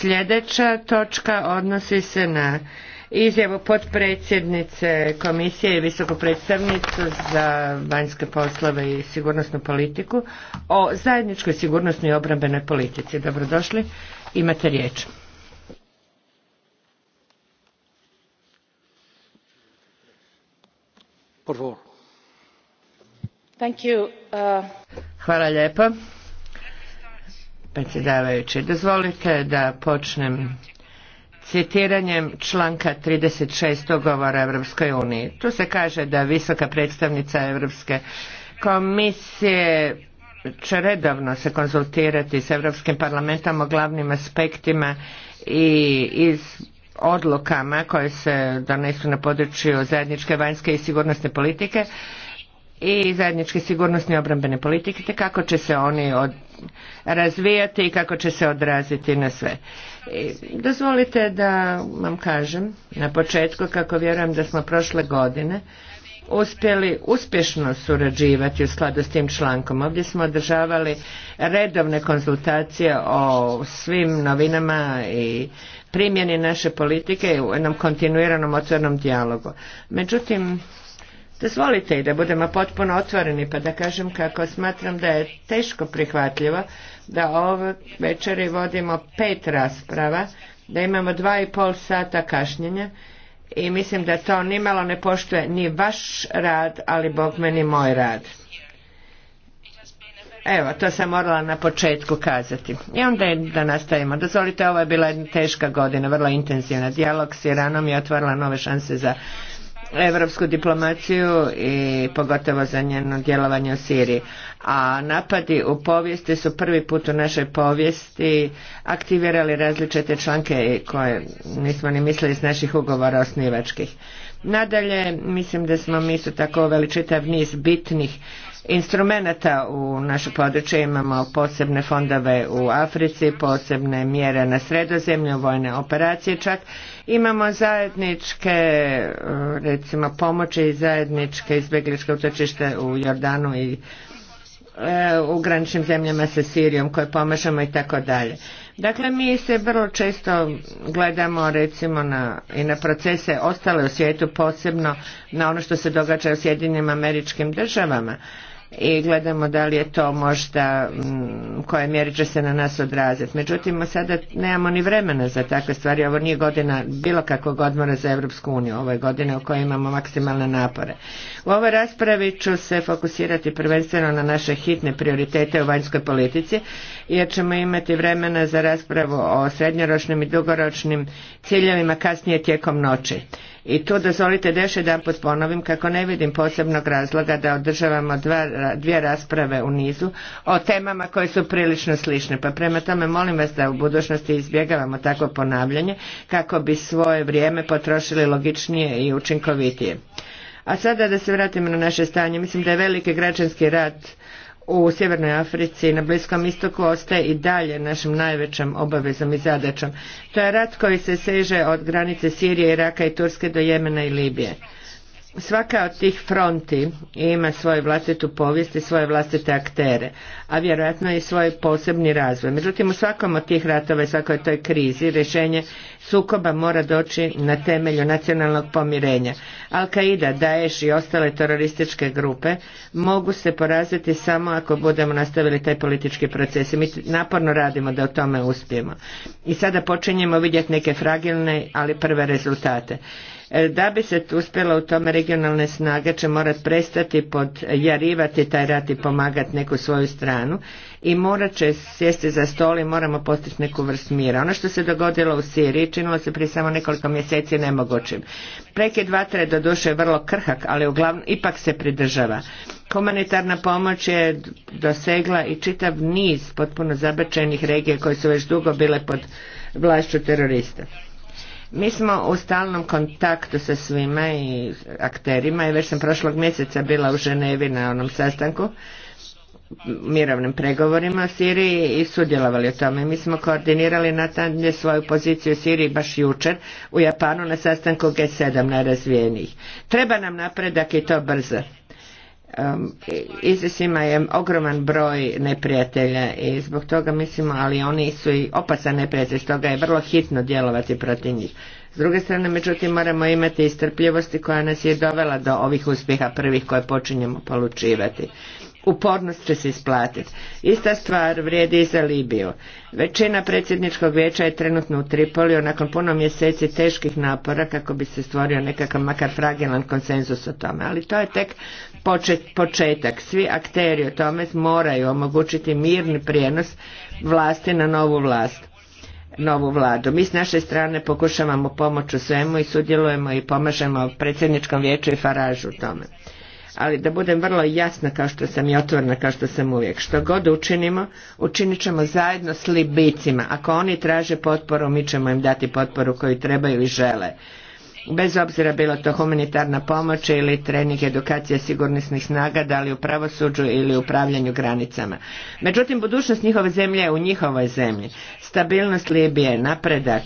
Sljedeća točka odnosi se na izjavu potpredsjednice komisije i visoku predstavnicu za vanjske poslove i sigurnosnu politiku o zajedničkoj sigurnosnoj i obrambenoj politici. Dobrodošli, imate riječ. Uh, Hvala lijepo predsjedavajući. Dozvolite da počnem citiranjem članka 36. ugovora Europskoj uniji. Tu se kaže da visoka predstavnica Europske komisije će redovno se konzultirati s Europskim parlamentom o glavnim aspektima i iz odlukama koje se donesu na području zajedničke vanjske i sigurnosne politike i zajedničke sigurnosne i obrambene politike te kako će se oni od, razvijati i kako će se odraziti na sve. I dozvolite da vam kažem na početku kako vjerujem da smo prošle godine uspjeli uspješno surađivati u skladu s tim člankom. Ovdje smo održavali redovne konzultacije o svim novinama i primjeni naše politike u jednom kontinuiranom otvornom dijalogu. Međutim, Dozvolite i da budemo potpuno otvoreni pa da kažem kako smatram da je teško prihvatljivo da ove večeri vodimo pet rasprava, da imamo dva i pol sata kašnjenja i mislim da to nimalo ne poštuje ni vaš rad, ali bog meni moj rad. Evo, to sam morala na početku kazati. I onda je da nastavimo. Dozvolite, ovo je bila teška godina, vrlo intenzivna. Dijalog s Iranom je otvorila nove šanse za europsku diplomaciju i pogotovo za njeno djelovanje u Siriji. A napadi u povijesti su prvi put u našoj povijesti aktivirali različite članke koje nismo ni mislili iz naših ugovora osnivačkih. Nadalje, mislim da smo mi su tako uveli čitav niz bitnih instrumenata u našoj područje imamo posebne fondove u Africi, posebne mjere na sredozemlju, vojne operacije čak. Imamo zajedničke recimo pomoći i zajedničke izbjegličke utočište u Jordanu i E, u graničnim zemljama sa Sirijom koje pomažemo i tako dalje. Dakle, mi se vrlo često gledamo recimo na, i na procese ostale u svijetu, posebno na ono što se događa u Sjedinjenim američkim državama i gledamo da li je to možda mm, u kojoj mjeri će se na nas odraziti. Međutim, sada nemamo ni vremena za takve stvari. Ovo nije godina bilo kakvog odmora za Europsku uniju. Ovo je godina u kojoj imamo maksimalne napore. U ovoj raspravi ću se fokusirati prvenstveno na naše hitne prioritete u vanjskoj politici, jer ćemo imati vremena za raspravu o srednjoročnim i dugoročnim ciljevima kasnije tijekom noći. I tu dozvolite da još jedan put ponovim kako ne vidim posebnog razloga da održavamo dva, dvije rasprave u nizu o temama koje su prilično slične. Pa prema tome molim vas da u budućnosti izbjegavamo takvo ponavljanje kako bi svoje vrijeme potrošili logičnije i učinkovitije. A sada da se vratimo na naše stanje. Mislim da je veliki građanski rat u Sjevernoj Africi i na Bliskom istoku ostaje i dalje našim najvećom obavezom i zadaćom. To je rat koji se seže od granice Sirije, Iraka i Turske do Jemena i Libije. Svaka od tih fronti ima svoju vlastitu povijest i svoje vlastite aktere, a vjerojatno i svoj posebni razvoj. Međutim, u svakom od tih ratova i svakoj toj krizi rješenje sukoba mora doći na temelju nacionalnog pomirenja. Al-Qaida, Daesh i ostale terorističke grupe mogu se poraziti samo ako budemo nastavili taj politički proces mi naporno radimo da o tome uspijemo. I sada počinjemo vidjeti neke fragilne, ali prve rezultate. E, da bi se uspjelo u tome regionalne snage će morati prestati podjarivati taj rat i pomagati neku svoju stranu i morat će sjesti za stol i moramo postići neku vrst mira. Ono što se dogodilo u Siriji činilo se prije samo nekoliko mjeseci nemogućim. Prekid vatre doduše je vrlo krhak, ali uglavnom ipak se pridržava. Humanitarna pomoć je dosegla i čitav niz potpuno zabačenih regija koje su već dugo bile pod vlašću terorista. Mi smo u stalnom kontaktu sa svima i akterima i već sam prošlog mjeseca bila u Ženevi na onom sastanku mirovnim pregovorima u Siriji i sudjelovali u tome. Mi smo koordinirali tanje svoju poziciju u Siriji baš jučer u Japanu na sastanku G7 najrazvijenijih. Treba nam napredak i to brzo. Um, je ogroman broj neprijatelja i zbog toga mislimo, ali oni su i opasan neprijatelj, stoga je vrlo hitno djelovati protiv njih. S druge strane, međutim, moramo imati istrpljivosti koja nas je dovela do ovih uspjeha prvih koje počinjemo polučivati upornost će se isplatiti. Ista stvar vrijedi i za Libiju. Većina predsjedničkog vijeća je trenutno u Tripoliju nakon puno mjeseci teških napora kako bi se stvorio nekakav makar fragilan konsenzus o tome. Ali to je tek početak. Svi akteri o tome moraju omogućiti mirni prijenos vlasti na novu vlast novu vladu. Mi s naše strane pokušavamo pomoć u svemu i sudjelujemo i pomažemo predsjedničkom vijeću i Faražu u tome ali da budem vrlo jasna kao što sam i otvorna kao što sam uvijek. Što god učinimo, učinit ćemo zajedno s Libicima. Ako oni traže potporu, mi ćemo im dati potporu koju trebaju i žele. Bez obzira bilo to humanitarna pomoć ili trening edukacije sigurnosnih snaga, da li u pravosuđu ili u upravljanju granicama. Međutim, budućnost njihove zemlje je u njihovoj zemlji. Stabilnost Libije, napredak,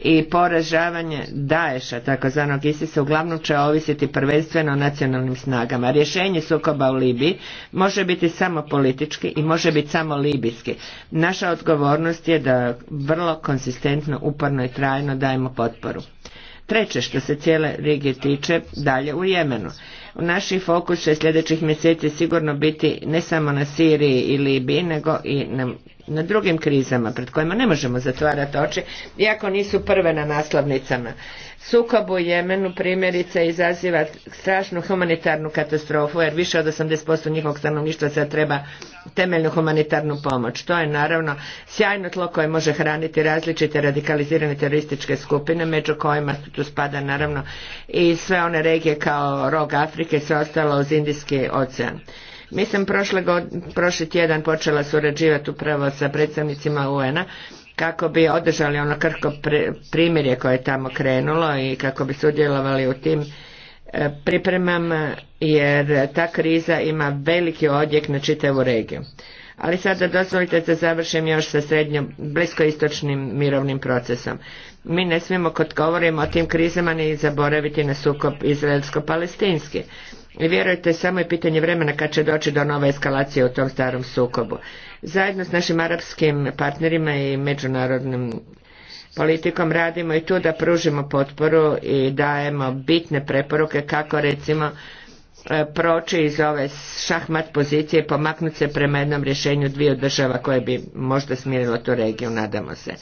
i poražavanje Daesha, takozvanog ISIS-a, uglavnom će ovisiti prvenstveno o nacionalnim snagama. Rješenje sukoba u Libiji može biti samo politički i može biti samo libijski. Naša odgovornost je da vrlo konsistentno, uporno i trajno dajemo potporu. Treće što se cijele regije tiče dalje u Jemenu. Naši fokus će sljedećih mjeseci sigurno biti ne samo na Siriji i Libiji, nego i na na drugim krizama pred kojima ne možemo zatvarati oči, iako nisu prve na naslovnicama. Sukob u Jemenu primjerice izaziva strašnu humanitarnu katastrofu jer više od 80% njihovog stanovništva treba temeljnu humanitarnu pomoć. To je naravno sjajno tlo koje može hraniti različite radikalizirane terorističke skupine među kojima tu spada naravno i sve one regije kao rog Afrike i sve ostalo uz Indijski ocean. Mislim, prošle prošli tjedan počela surađivati upravo sa predstavnicima UN-a kako bi održali ono krhko primirje koje je tamo krenulo i kako bi sudjelovali u tim e, pripremama jer ta kriza ima veliki odjek na čitavu regiju. Ali sada dozvolite da završim još sa srednjom, bliskoistočnim mirovnim procesom. Mi ne smijemo kod govorimo o tim krizama ni zaboraviti na sukob izraelsko-palestinski. I vjerujte, samo je pitanje vremena kad će doći do nove eskalacije u tom starom sukobu. Zajedno s našim arapskim partnerima i međunarodnim politikom radimo i tu da pružimo potporu i dajemo bitne preporuke kako recimo e, proći iz ove šahmat pozicije i pomaknuti se prema jednom rješenju dviju država koje bi možda smirilo tu regiju, nadamo se.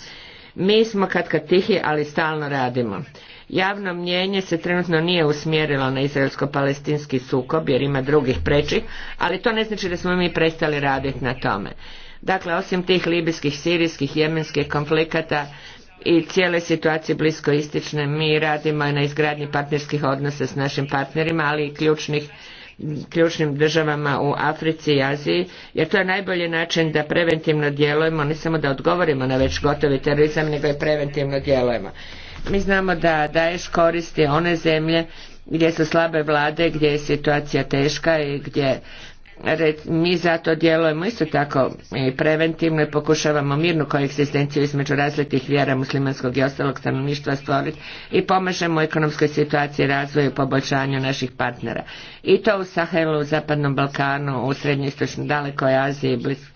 Mi smo kad kad tihi, ali stalno radimo. Javno mnjenje se trenutno nije usmjerilo na izraelsko-palestinski sukob jer ima drugih prečih, ali to ne znači da smo mi prestali raditi na tome. Dakle, osim tih libijskih, sirijskih, jemenskih konflikata i cijele situacije blisko istične, mi radimo na izgradnji partnerskih odnosa s našim partnerima, ali i ključnih ključnim državama u Africi i Aziji, jer to je najbolji način da preventivno djelujemo, ne samo da odgovorimo na već gotovi terorizam, nego i preventivno djelujemo. Mi znamo da daješ koristi one zemlje gdje su slabe vlade, gdje je situacija teška i gdje mi zato djelujemo isto tako i preventivno i pokušavamo mirnu koegzistenciju između različitih vjera muslimanskog i ostalog stanovništva stvoriti i pomažemo ekonomskoj situaciji, razvoju i poboljšanju naših partnera. I to u Sahelu, u Zapadnom Balkanu, u Srednjoistočnoj dalekoj Aziji, bliz,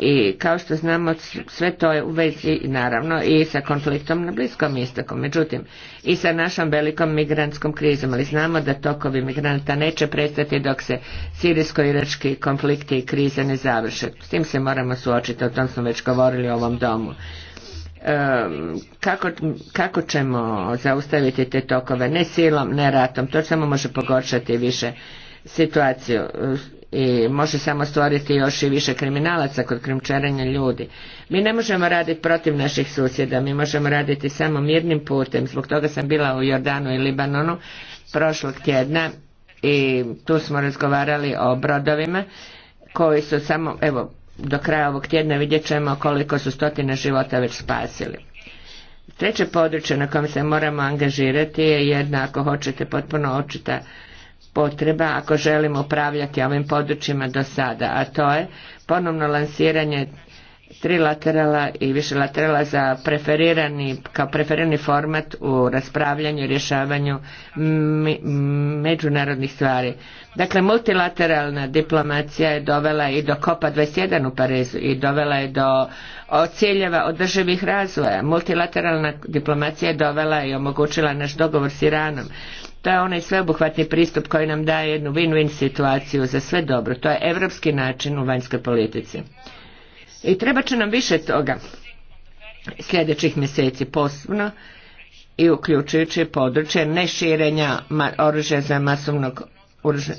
i kao što znamo sve to je u vezi naravno i sa konfliktom na Bliskom istoku, međutim i sa našom velikom migrantskom krizom, ali znamo da tokovi migranta neće prestati dok se sirijsko-irački konflikti i krize ne završe. S tim se moramo suočiti, o tom smo već govorili u ovom domu. Kako, kako, ćemo zaustaviti te tokove, ne silom, ne ratom, to samo može pogoršati više situaciju i može samo stvoriti još i više kriminalaca kod krimčarenja ljudi. Mi ne možemo raditi protiv naših susjeda, mi možemo raditi samo mirnim putem. Zbog toga sam bila u Jordanu i Libanonu prošlog tjedna i tu smo razgovarali o brodovima koji su samo, evo, do kraja ovog tjedna vidjet ćemo koliko su stotine života već spasili. Treće područje na kojem se moramo angažirati je jedna, ako hoćete, potpuno očita potreba ako želimo upravljati ovim područjima do sada, a to je ponovno lansiranje trilaterala i laterala za preferirani, kao preferirani format u raspravljanju i rješavanju međunarodnih stvari. Dakle, multilateralna diplomacija je dovela i do kopa 21 u Parizu i dovela je do ciljeva održivih razvoja. Multilateralna diplomacija je dovela i omogućila naš dogovor s Iranom. To je onaj sveobuhvatni pristup koji nam daje jednu win-win situaciju za sve dobro. To je evropski način u vanjskoj politici. I treba će nam više toga sljedećih mjeseci posebno i uključujući područje neširenja oružja za masovnog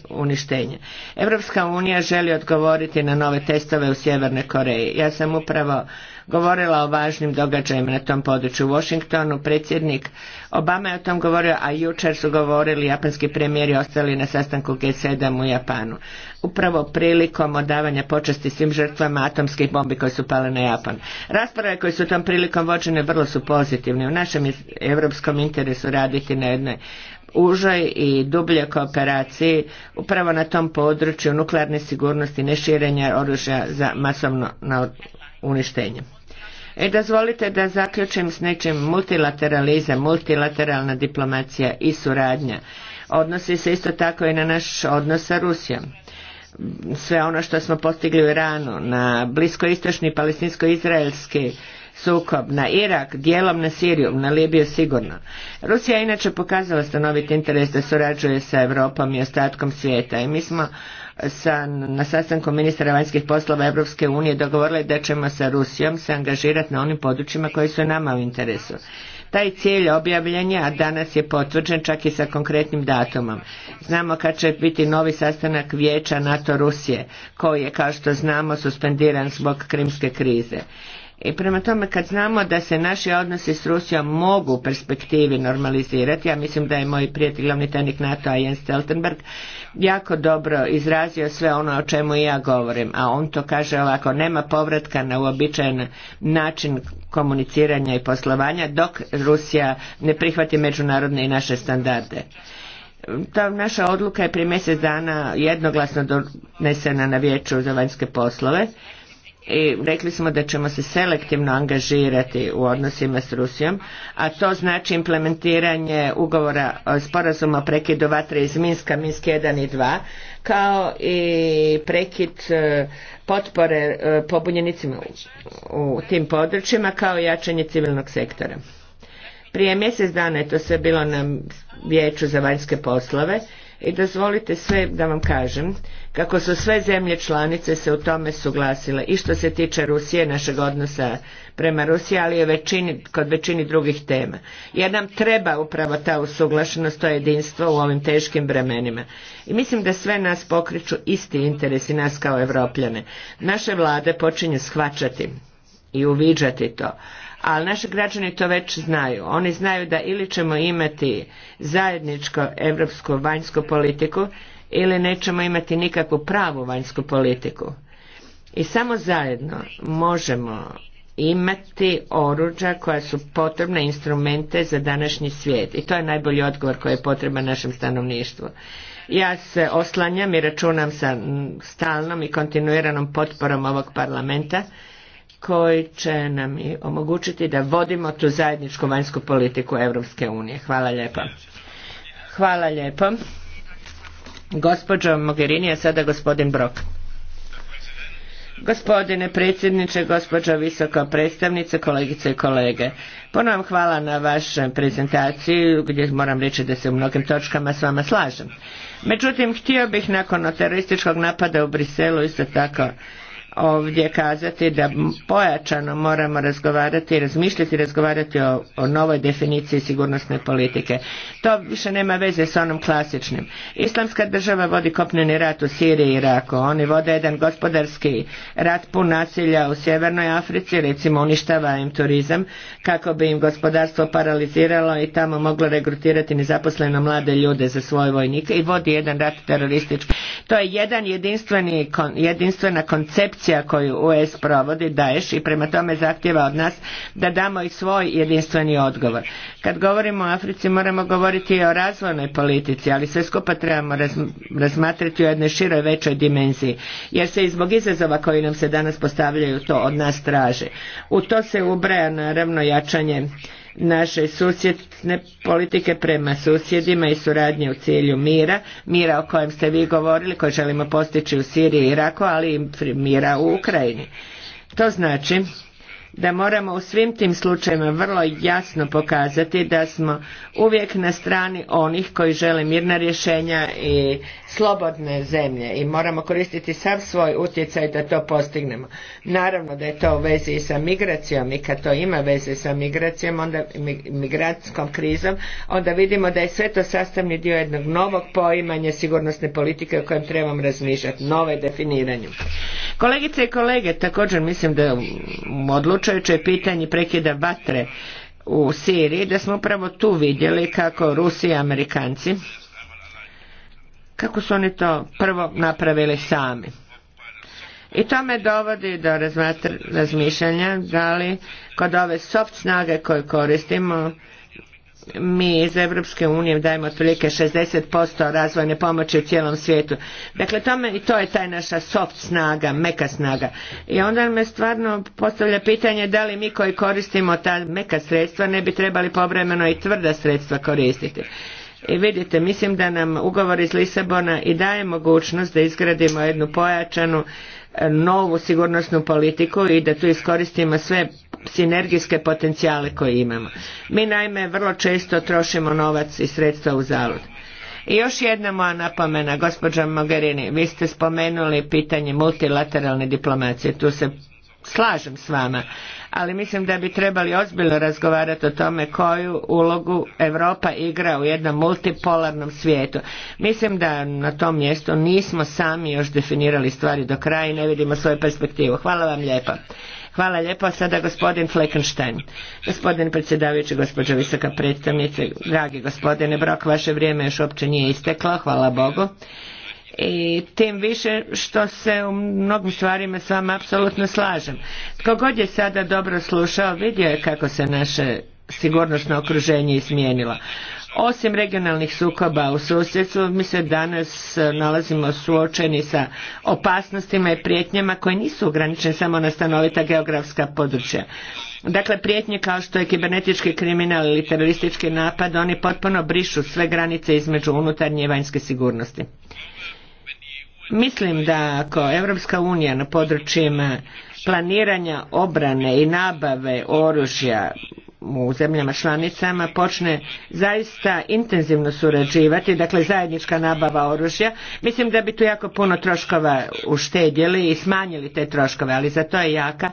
uništenje. Europska unija želi odgovoriti na nove testove u Sjevernoj Koreji. Ja sam upravo govorila o važnim događajima na tom području. U Washingtonu predsjednik Obama je o tom govorio, a jučer su govorili japanski premijer i ostali na sastanku G7 u Japanu. Upravo prilikom odavanja počasti svim žrtvama atomskih bombi koje su pale na Japan. Rasprave koje su tom prilikom vođene vrlo su pozitivne. U našem je europskom interesu raditi na jednoj užoj i dublje kooperaciji upravo na tom području nuklearne sigurnosti, neširenja oružja za masovno uništenje. E, dozvolite da zaključim s nečim multilateralizam, multilateralna diplomacija i suradnja. Odnosi se isto tako i na naš odnos sa Rusijom sve ono što smo postigli u Iranu, na bliskoistočni palestinsko-izraelski sukob, na Irak, dijelom na Siriju, na Libiju sigurno. Rusija je inače pokazala stanoviti interes da surađuje sa Europom i ostatkom svijeta i mi smo sa, na sastanku ministra vanjskih poslova Europske unije dogovorili da ćemo sa Rusijom se angažirati na onim područjima koji su nama u interesu. Taj cilj objavljen a danas je potvrđen čak i sa konkretnim datumom. Znamo kad će biti novi sastanak vijeća NATO Rusije, koji je, kao što znamo, suspendiran zbog krimske krize. I prema tome kad znamo da se naši odnosi s Rusijom mogu u perspektivi normalizirati, ja mislim da je moj prijatelj glavni tajnik NATO-a Jens Stoltenberg jako dobro izrazio sve ono o čemu i ja govorim, a on to kaže ovako, nema povratka na uobičajen način komuniciranja i poslovanja dok Rusija ne prihvati međunarodne i naše standarde. Ta naša odluka je prije mjesec dana jednoglasno donesena na vijeću za vanjske poslove i rekli smo da ćemo se selektivno angažirati u odnosima s Rusijom, a to znači implementiranje ugovora e, sporazuma o prekidu vatre iz Minska, Minsk 1 i 2, kao i prekid e, potpore e, pobunjenicima u tim područjima, kao i jačanje civilnog sektora. Prije mjesec dana je to sve bilo na vijeću za vanjske poslove i dozvolite sve da vam kažem kako su sve zemlje članice se u tome suglasile i što se tiče Rusije, našeg odnosa prema Rusiji, ali i većini, kod većini drugih tema. Jer nam treba upravo ta usuglašenost, to jedinstvo u ovim teškim vremenima. I mislim da sve nas pokriču isti interesi nas kao Evropljane. Naše vlade počinju shvaćati i uviđati to ali naši građani to već znaju. Oni znaju da ili ćemo imati zajedničku europsku vanjsku politiku ili nećemo imati nikakvu pravu vanjsku politiku. I samo zajedno možemo imati oruđa koja su potrebne instrumente za današnji svijet i to je najbolji odgovor koji je potreban našem stanovništvu. Ja se oslanjam i računam sa stalnom i kontinuiranom potporom ovog parlamenta koji će nam i omogućiti da vodimo tu zajedničku vanjsku politiku Europske unije. Hvala lijepo. Hvala lijepo. Gospođo Mogherini, a sada gospodin Brok. Gospodine predsjedniče, gospođo visoka predstavnice, kolegice i kolege. Puno vam hvala na vašoj prezentaciji gdje moram reći da se u mnogim točkama s vama slažem. Međutim, htio bih nakon terorističkog napada u Briselu isto tako ovdje kazati da pojačano moramo razgovarati, razmišljati, i razgovarati o, novoj definiciji sigurnosne politike. To više nema veze s onom klasičnim. Islamska država vodi kopneni rat u Siriji i Iraku. Oni vode jedan gospodarski rat pun nasilja u Sjevernoj Africi, recimo uništava im turizam kako bi im gospodarstvo paraliziralo i tamo moglo regrutirati nezaposleno mlade ljude za svoje vojnike i vodi jedan rat teroristički. To je jedan jedinstveni, jedinstvena koncepcija akcija koju US provodi, daješ i prema tome zahtjeva od nas da damo i svoj jedinstveni odgovor. Kad govorimo o Africi moramo govoriti i o razvojnoj politici, ali sve skupa trebamo razmatrati u jednoj široj većoj dimenziji, jer se i zbog izazova koji nam se danas postavljaju to od nas traže. U to se ubraja naravno jačanje naše susjedne politike prema susjedima i suradnje u cilju mira, mira o kojem ste vi govorili, koje želimo postići u Siriji i Iraku, ali i mira u Ukrajini. To znači da moramo u svim tim slučajevima vrlo jasno pokazati da smo uvijek na strani onih koji žele mirna rješenja i slobodne zemlje i moramo koristiti sav svoj utjecaj da to postignemo. Naravno da je to u vezi i sa migracijom i kad to ima veze sa migracijom, onda migrantskom krizom, onda vidimo da je sve to sastavni dio jednog novog poimanja sigurnosne politike o kojem trebamo razmišljati, nove definiranju. Kolegice i kolege, također mislim da u je pitanje prekida vatre u Siriji, da smo upravo tu vidjeli kako Rusi i Amerikanci, kako su oni to prvo napravili sami. I to me dovodi do razmišljanja da li kod ove soft snage koje koristimo mi iz Europske unije dajemo otprilike 60% razvojne pomoći u cijelom svijetu. Dakle, tome i to je taj naša soft snaga, meka snaga. I onda me stvarno postavlja pitanje da li mi koji koristimo ta meka sredstva ne bi trebali povremeno i tvrda sredstva koristiti. I vidite, mislim da nam ugovor iz Lisabona i daje mogućnost da izgradimo jednu pojačanu novu sigurnosnu politiku i da tu iskoristimo sve sinergijske potencijale koje imamo. Mi naime vrlo često trošimo novac i sredstva u zalud. I još jedna moja napomena, gospođa Mogherini, vi ste spomenuli pitanje multilateralne diplomacije, tu se slažem s vama, ali mislim da bi trebali ozbiljno razgovarati o tome koju ulogu Europa igra u jednom multipolarnom svijetu. Mislim da na tom mjestu nismo sami još definirali stvari do kraja i ne vidimo svoju perspektivu. Hvala vam lijepa. Hvala lijepo. Sada gospodin Fleckenstein. Gospodin predsjedavajući, gospođo visoka predstavnice, dragi gospodine Brok, vaše vrijeme još uopće nije isteklo, hvala Bogu i tim više što se u mnogim stvarima s vama apsolutno slažem. Tko god je sada dobro slušao vidio je kako se naše sigurnosno okruženje izmijenilo. Osim regionalnih sukoba u susjedstvu, mi se danas e, nalazimo suočeni sa opasnostima i prijetnjama koje nisu ograničene samo na stanovita geografska područja. Dakle, prijetnje kao što je kibernetički kriminal ili teroristički napad, oni potpuno brišu sve granice između unutarnje i vanjske sigurnosti. Mislim da ako Europska unija na područjima planiranja obrane i nabave oružja u zemljama članicama počne zaista intenzivno surađivati, dakle zajednička nabava oružja, mislim da bi tu jako puno troškova uštedjeli i smanjili te troškove, ali za to je jaka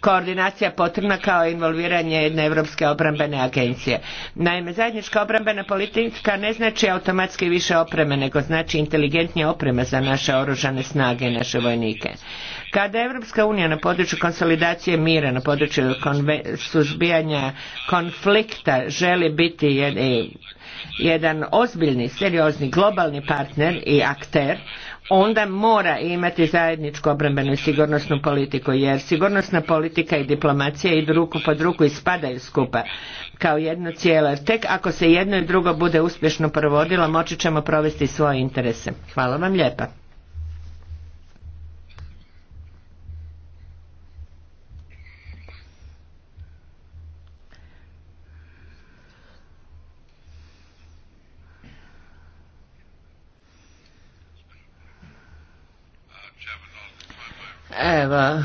koordinacija potrebna kao involviranje jedne Europske obrambene agencije. Naime, zajednička obrambena politika ne znači automatski više opreme, nego znači inteligentnija oprema za naše oružane snage i naše vojnike. Kada Evropska unija na području konsolidacije mira, na području suzbijanja konflikta želi biti jedan, e, jedan ozbiljni, seriozni globalni partner i akter, onda mora imati zajedničku obrambenu i sigurnosnu politiku, jer sigurnosna politika i diplomacija idu ruku pod ruku i spadaju skupa kao jedno cijelo. Tek ako se jedno i drugo bude uspješno provodilo, moći ćemo provesti svoje interese. Hvala vam lijepa. Evo,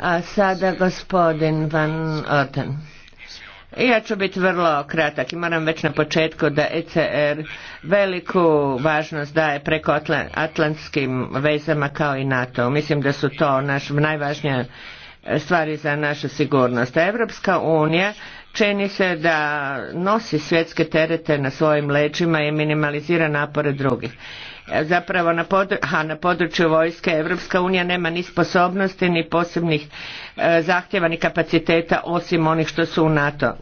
a sada gospodin Van Orten. Ja ću biti vrlo kratak i moram već na početku da ECR veliku važnost daje preko atlantskim vezama kao i NATO. Mislim da su to naš najvažnije stvari za našu sigurnost. A Evropska unija čini se da nosi svjetske terete na svojim leđima i minimalizira napore drugih zapravo na, području vojske Europska unija nema ni sposobnosti ni posebnih e, zahtjeva ni kapaciteta osim onih što su u NATO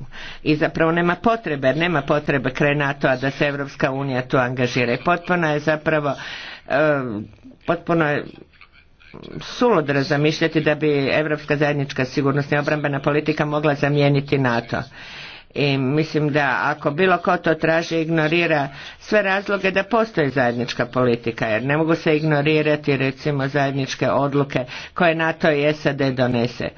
i zapravo nema potrebe, nema potrebe kraj NATO-a da se Europska unija tu angažira i potpuno je zapravo e, potpuno je suludo razmišljati da bi europska zajednička sigurnosna i obrambena politika mogla zamijeniti NATO i mislim da ako bilo ko to traži ignorira sve razloge da postoji zajednička politika jer ne mogu se ignorirati recimo zajedničke odluke koje NATO i SAD donese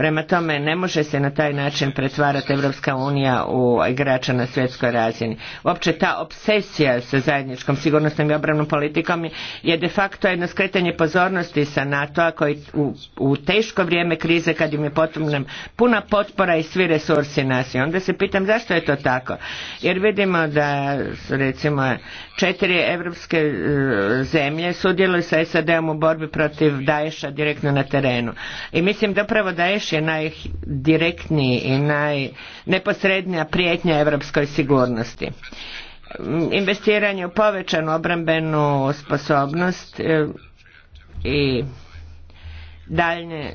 Prema tome, ne može se na taj način pretvarati Europska unija u igrača na svjetskoj razini. Uopće ta obsesija sa zajedničkom sigurnosnom i obravnom politikom je de facto jedno skretanje pozornosti sa NATO-a koji u, u, teško vrijeme krize kad im je potrebna puna potpora i svi resursi nas. I onda se pitam zašto je to tako. Jer vidimo da recimo četiri europske e, zemlje sudjeluju sa SAD-om u borbi protiv Daesha direktno na terenu. I mislim da upravo Daesh je najdirektniji i najneposrednija prijetnja europskoj sigurnosti investiranje u povećanu obrambenu sposobnost e, i daljnje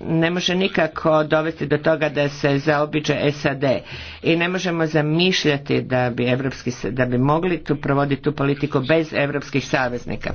ne, može nikako dovesti do toga da se zaobiđe SAD i ne možemo zamišljati da bi, evropski, da bi mogli tu provoditi tu politiku bez europskih saveznika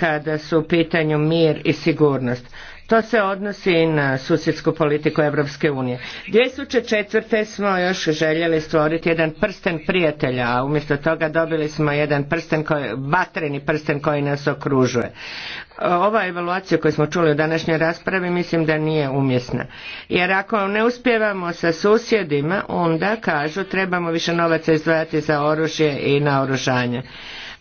kada su u pitanju mir i sigurnost. To se odnosi i na susjedsku politiku Europske unije. 2004. smo još željeli stvoriti jedan prsten prijatelja, a umjesto toga dobili smo jedan prsten, koji, batreni prsten koji nas okružuje. Ova evaluacija koju smo čuli u današnjoj raspravi mislim da nije umjesna. Jer ako ne uspjevamo sa susjedima, onda kažu trebamo više novaca izdvajati za oružje i naoružanje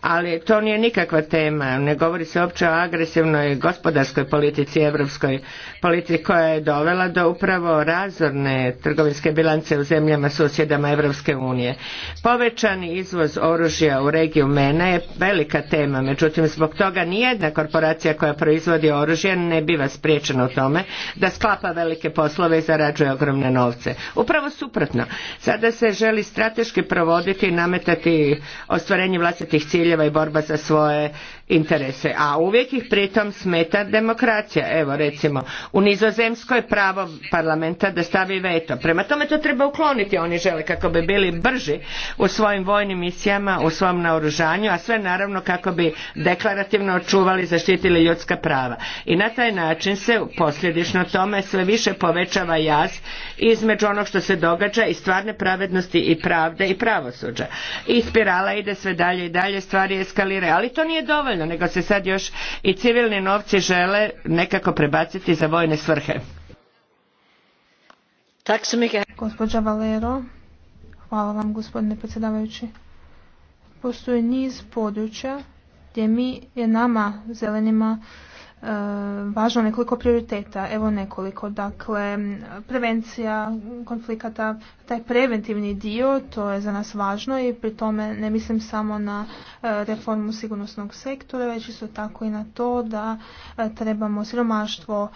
ali to nije nikakva tema, ne govori se uopće o agresivnoj gospodarskoj politici europskoj politici koja je dovela do upravo razorne trgovinske bilance u zemljama susjedama Europske unije. Povećani izvoz oružja u regiju MENA je velika tema, međutim zbog toga nijedna korporacija koja proizvodi oružje ne biva spriječena u tome da sklapa velike poslove i zarađuje ogromne novce. Upravo suprotno, sada se želi strateški provoditi i nametati ostvarenje vlastitih cilja ciljeva i borba za svoje interese. A uvijek ih pritom smeta demokracija. Evo recimo, u Nizozemskoj pravo parlamenta da stavi veto. Prema tome to treba ukloniti, oni žele kako bi bili brži u svojim vojnim misijama, u svom naoružanju, a sve naravno kako bi deklarativno očuvali, zaštitili ljudska prava. I na taj način se posljedično tome sve više povećava jaz između onog što se događa i stvarne pravednosti i pravde i pravosuđa. I spirala ide sve dalje i dalje, stvari eskaliraju. Ali to nije dovoljno, nego se sad još i civilni novci žele nekako prebaciti za vojne svrhe. Gospođa Valero, hvala vam gospodine predsjedavajući. Postoji niz područja gdje mi je nama zelenima Eh, važno nekoliko prioriteta. Evo nekoliko. Dakle, prevencija konflikata, taj preventivni dio, to je za nas važno i pri tome ne mislim samo na eh, reformu sigurnosnog sektora, već isto tako i na to da eh, trebamo siromaštvo,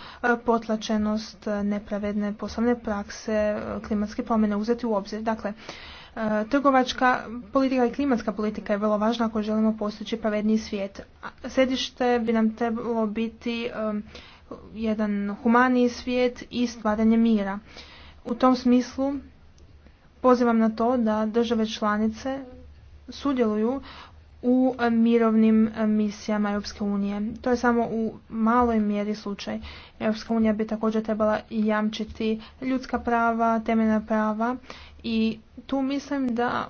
potlačenost, nepravedne poslovne prakse, klimatske promjene uzeti u obzir. Dakle, E, trgovačka politika i klimatska politika je vrlo važna ako želimo postići pravedniji svijet. Središte bi nam trebalo biti jedan humaniji svijet i stvaranje mira. U tom smislu pozivam na to da države članice sudjeluju u mirovnim misijama Europske unije. To je samo u maloj mjeri slučaj. Europska unija bi također trebala jamčiti ljudska prava, temeljna prava i tu mislim da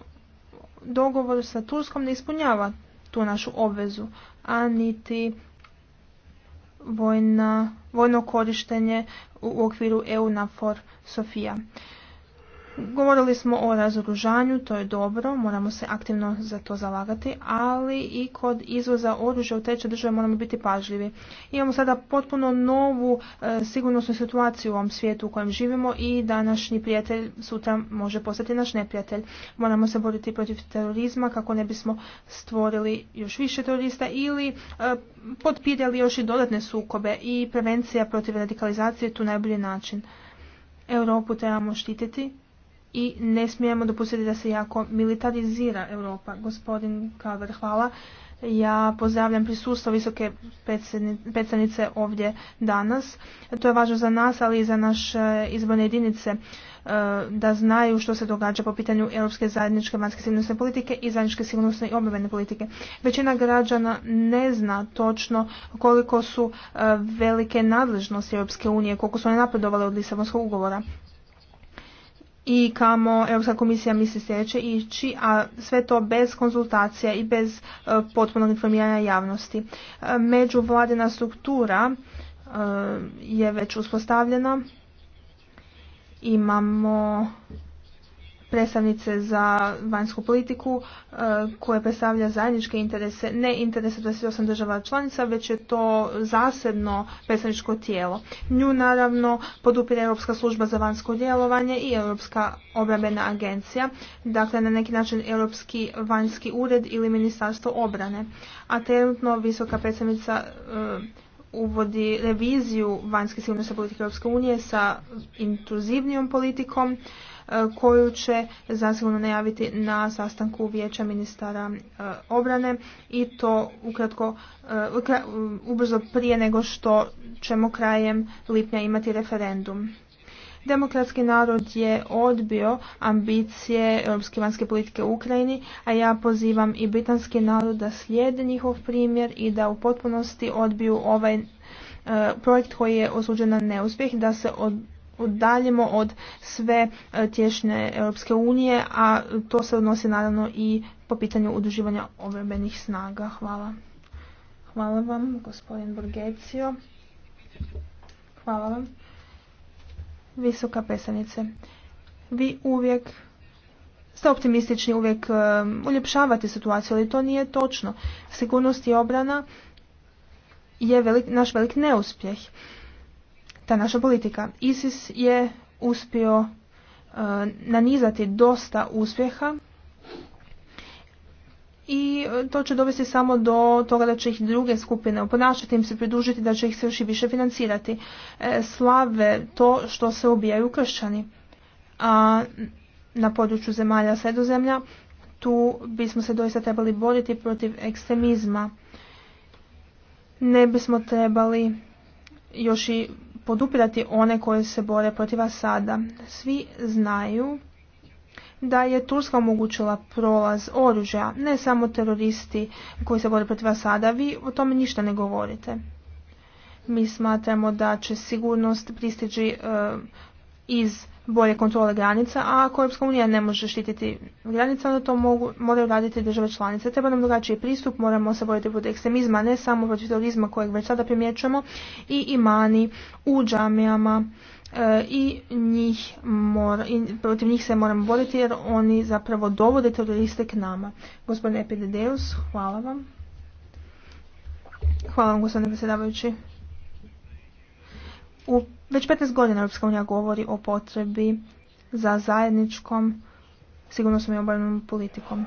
dogovor sa Turskom ne ispunjava tu našu obvezu, a niti vojno korištenje u okviru EU na for Sofija. Govorili smo o razoružanju, to je dobro, moramo se aktivno za to zalagati, ali i kod izvoza oružja u treće države moramo biti pažljivi. Imamo sada potpuno novu e, sigurnosnu situaciju u ovom svijetu u kojem živimo i današnji prijatelj sutra može postati naš neprijatelj. Moramo se boriti protiv terorizma kako ne bismo stvorili još više terorista ili e, potpirali još i dodatne sukobe i prevencija protiv radikalizacije je tu najbolji način. Europu trebamo štititi i ne smijemo dopustiti da se jako militarizira Europa. Gospodin Kalver, hvala. Ja pozdravljam prisustvo visoke predstavnice ovdje danas. To je važno za nas, ali i za naše izborne jedinice e, da znaju što se događa po pitanju europske zajedničke vanjske sigurnosne politike i zajedničke sigurnosne i obrambene politike. Većina građana ne zna točno koliko su e, velike nadležnosti Europske unije, koliko su one napredovale od Lisabonskog ugovora i kamo Europska komisija misli sljedeće ići, a sve to bez konzultacija i bez e, potpunog informiranja javnosti. E, međuvladina struktura e, je već uspostavljena. Imamo predstavnice za vanjsku politiku e, koje predstavlja zajedničke interese, ne interese 28 država članica, već je to zasebno predstavničko tijelo. Nju naravno podupire Europska služba za vanjsko djelovanje i Europska obrambena agencija, dakle na neki način Europski vanjski ured ili Ministarstvo obrane. A trenutno visoka predstavnica e, uvodi reviziju vanjske sigurnosne politike Europske unije sa intuzivnijom politikom E, koju će zasigurno najaviti na sastanku vijeća ministara e, obrane i to ukratko, e, ubrzo prije nego što ćemo krajem lipnja imati referendum. Demokratski narod je odbio ambicije europske vanjske politike u Ukrajini, a ja pozivam i britanski narod da slijede njihov primjer i da u potpunosti odbiju ovaj projekt koji je osuđen na neuspjeh, da se od, udaljimo od sve e, tješne Europske unije, a to se odnosi naravno i po pitanju udruživanja obrambenih snaga. Hvala. Hvala vam, gospodin Borgecio. Hvala vam. Visoka pesanice. Vi uvijek ste optimistični, uvijek e, uljepšavate situaciju, ali to nije točno. Sigurnost i obrana je naš velik neuspjeh naša politika. ISIS je uspio e, nanizati dosta uspjeha i e, to će dovesti samo do toga da će ih druge skupine oponašati, im se pridružiti, da će ih se još i više financirati. E, slave to što se ubijaju kršćani. A na području zemalja sredozemlja tu bismo se doista trebali boriti protiv ekstremizma. Ne bismo trebali još i podupirati one koje se bore protiv Asada. Svi znaju da je Turska omogućila prolaz oružja, ne samo teroristi koji se bore protiv Asada, vi o tome ništa ne govorite. Mi smatramo da će sigurnost pristići e, iz bolje kontrole granica, a ako Europska unija ne može štititi granice, onda to mogu, moraju raditi države članice. Treba nam drugačiji pristup, moramo se boriti protiv ekstremizma, ne samo protiv terorizma kojeg već sada primjećujemo i imani u džamijama e, i, njih i protiv njih se moramo boriti jer oni zapravo dovode teroriste k nama. Gospodine Epidedeus, hvala vam. Hvala vam gospodine predsjedavajući. U, već 15 godina Europska unija govori o potrebi za zajedničkom sigurnosnom i obavljenom politikom.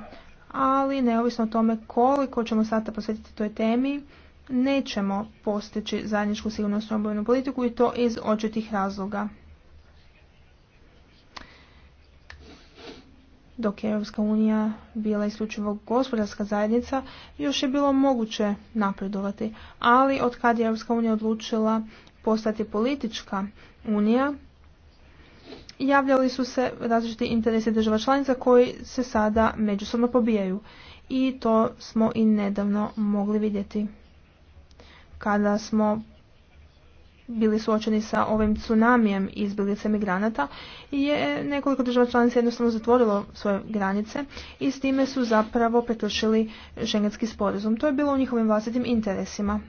Ali neovisno o tome koliko ćemo sada posvetiti toj temi, nećemo postići zajedničku sigurnosnu obojnu politiku i to iz očitih razloga. Dok je Europska unija bila isključivo gospodarska zajednica, još je bilo moguće napredovati, ali od kad je Europska unija odlučila postati politička unija, javljali su se različiti interesi država članica koji se sada međusobno pobijaju. I to smo i nedavno mogli vidjeti. Kada smo bili suočeni sa ovim tsunamijem izbiljice migranata je nekoliko država članica jednostavno zatvorilo svoje granice i s time su zapravo prekršili šengenski sporazum. To je bilo u njihovim vlastitim interesima.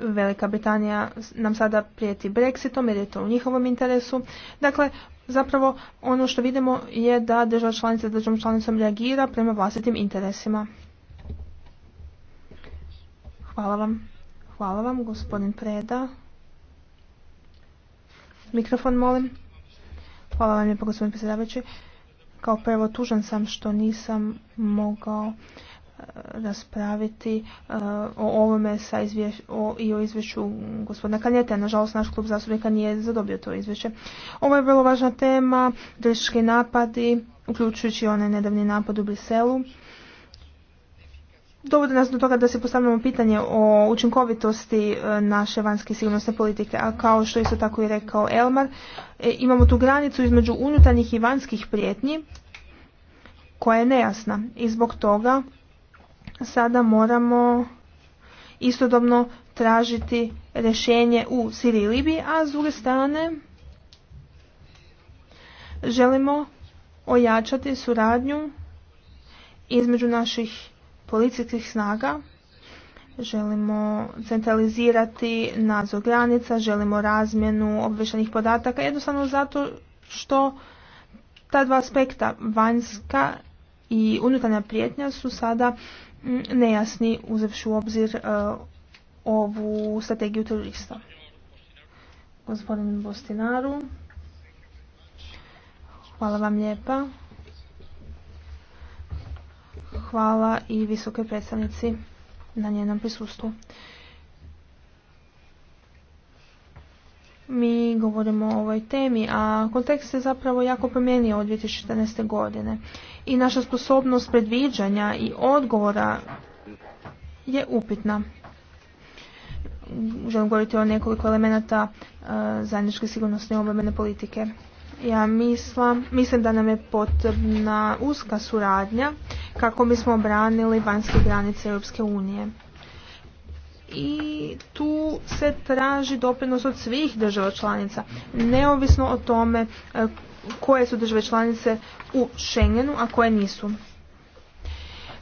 Velika Britanija nam sada prijeti Brexitom jer je to u njihovom interesu. Dakle, zapravo ono što vidimo je da država članica državom članicom reagira prema vlastitim interesima. Hvala vam. Hvala vam, gospodin Preda. Mikrofon, molim. Hvala vam lijepo, gospodin predsjedavajući. Kao prvo, tužan sam što nisam mogao raspraviti e, o ovome sa izvješ o, i o izvješću gospodina Kanjeta. Nažalost, naš klub zastupnika nije zadobio to izvješće. Ovo je vrlo važna tema, greški napadi, uključujući onaj nedavni napad u Briselu. Dovode nas do toga da se postavljamo pitanje o učinkovitosti e, naše vanjske sigurnosne politike, a kao što isto tako i rekao Elmar, e, imamo tu granicu između unutarnjih i vanjskih prijetnji koja je nejasna i zbog toga sada moramo istodobno tražiti rješenje u Siriji i Libiji, a s druge strane želimo ojačati suradnju između naših policijskih snaga. Želimo centralizirati nadzor granica, želimo razmjenu obveštenih podataka, jednostavno zato što ta dva aspekta, vanjska i unutarnja prijetnja, su sada nejasni uzevši u obzir e, ovu strategiju terorista. Gospodin Bostinaru, hvala vam lijepa. Hvala i visokoj predstavnici na njenom prisustvu. govorimo o ovoj temi, a kontekst se zapravo jako promijenio od 2014. godine. I naša sposobnost predviđanja i odgovora je upitna. Želim govoriti o nekoliko elemenata e, zajedničke sigurnosne i obrambene politike. Ja mislim, mislim da nam je potrebna uska suradnja kako bismo obranili vanjske granice Europske unije i tu se traži doprinos od svih država članica, neovisno o tome e, koje su države članice u Schengenu, a koje nisu.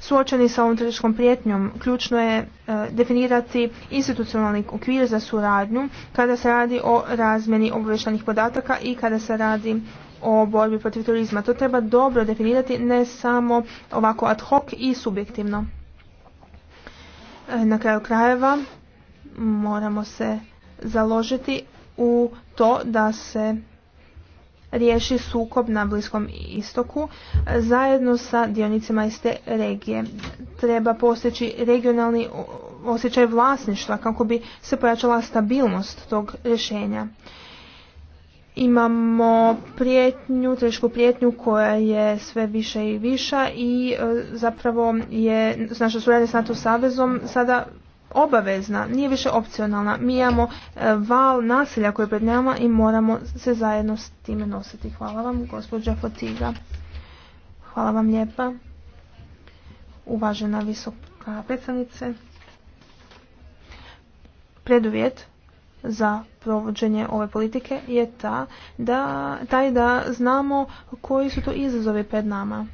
Suočeni sa ovom tržiškom prijetnjom, ključno je e, definirati institucionalni okvir za suradnju kada se radi o razmjeni obavještajnih podataka i kada se radi o borbi protiv turizma. To treba dobro definirati, ne samo ovako ad hoc i subjektivno. E, na kraju krajeva moramo se založiti u to da se riješi sukob na Bliskom istoku e, zajedno sa dionicima iz te regije. Treba postići regionalni osjećaj vlasništva kako bi se pojačala stabilnost tog rješenja imamo prijetnju, tešku prijetnju koja je sve više i viša i e, zapravo je naša znači, suradnja s NATO savezom sada obavezna, nije više opcionalna. Mi imamo e, val nasilja koji je pred nama i moramo se zajedno s time nositi. Hvala vam, gospođa Fotiga. Hvala vam lijepa, uvažena visoka predstavnice. Preduvjet za provođenje ove politike je ta da, taj da znamo koji su to izazovi pred nama.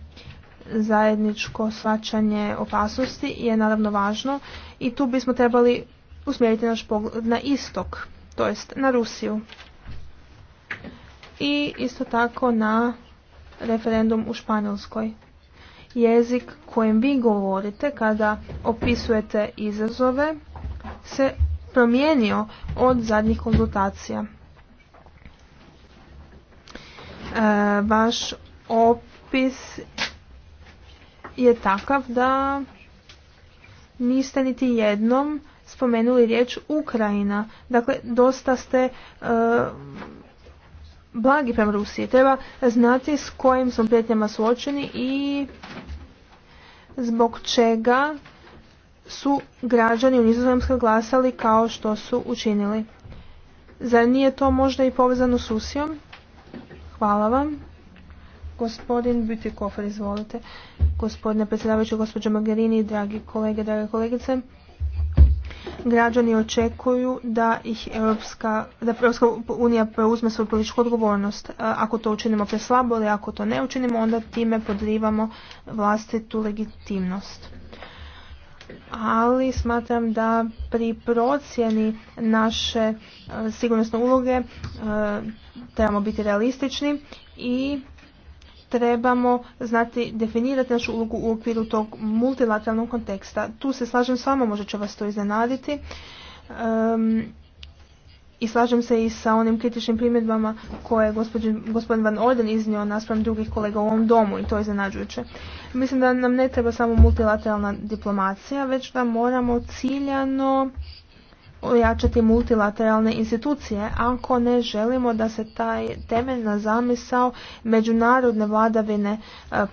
Zajedničko svačanje opasnosti je naravno važno i tu bismo trebali usmjeriti naš pogled na istok, to jest na Rusiju. I isto tako na referendum u Španjolskoj. Jezik kojem vi govorite kada opisujete izazove se promijenio od zadnjih konzultacija. E, vaš opis je takav da niste niti jednom spomenuli riječ Ukrajina. Dakle, dosta ste e, blagi prema Rusiji. Treba znati s kojim smo prijetnjama suočeni i zbog čega su građani u Nizozemskoj glasali kao što su učinili. Zar nije to možda i povezano s usijom? Hvala vam. Gospodin Bütikofer, izvolite. Gospodine predsjedavajući, gospođo Magarini, dragi kolege, drage kolegice. Građani očekuju da ih Europska, da Europska unija preuzme svoju političku odgovornost. Ako to učinimo preslabo ili ako to ne učinimo, onda time podrivamo vlastitu legitimnost ali smatram da pri procjeni naše e, sigurnosne uloge e, trebamo biti realistični i trebamo znati definirati našu ulogu u okviru tog multilateralnog konteksta. Tu se slažem s vama, možda će vas to iznenaditi i slažem se i sa onim kritičnim primjedbama koje je gospodin Van Orden iznio naspram drugih kolega u ovom domu i to je iznenađujuće. Mislim da nam ne treba samo multilateralna diplomacija, već da moramo ciljano ojačati multilateralne institucije ako ne želimo da se taj temeljna zamisao međunarodne vladavine e,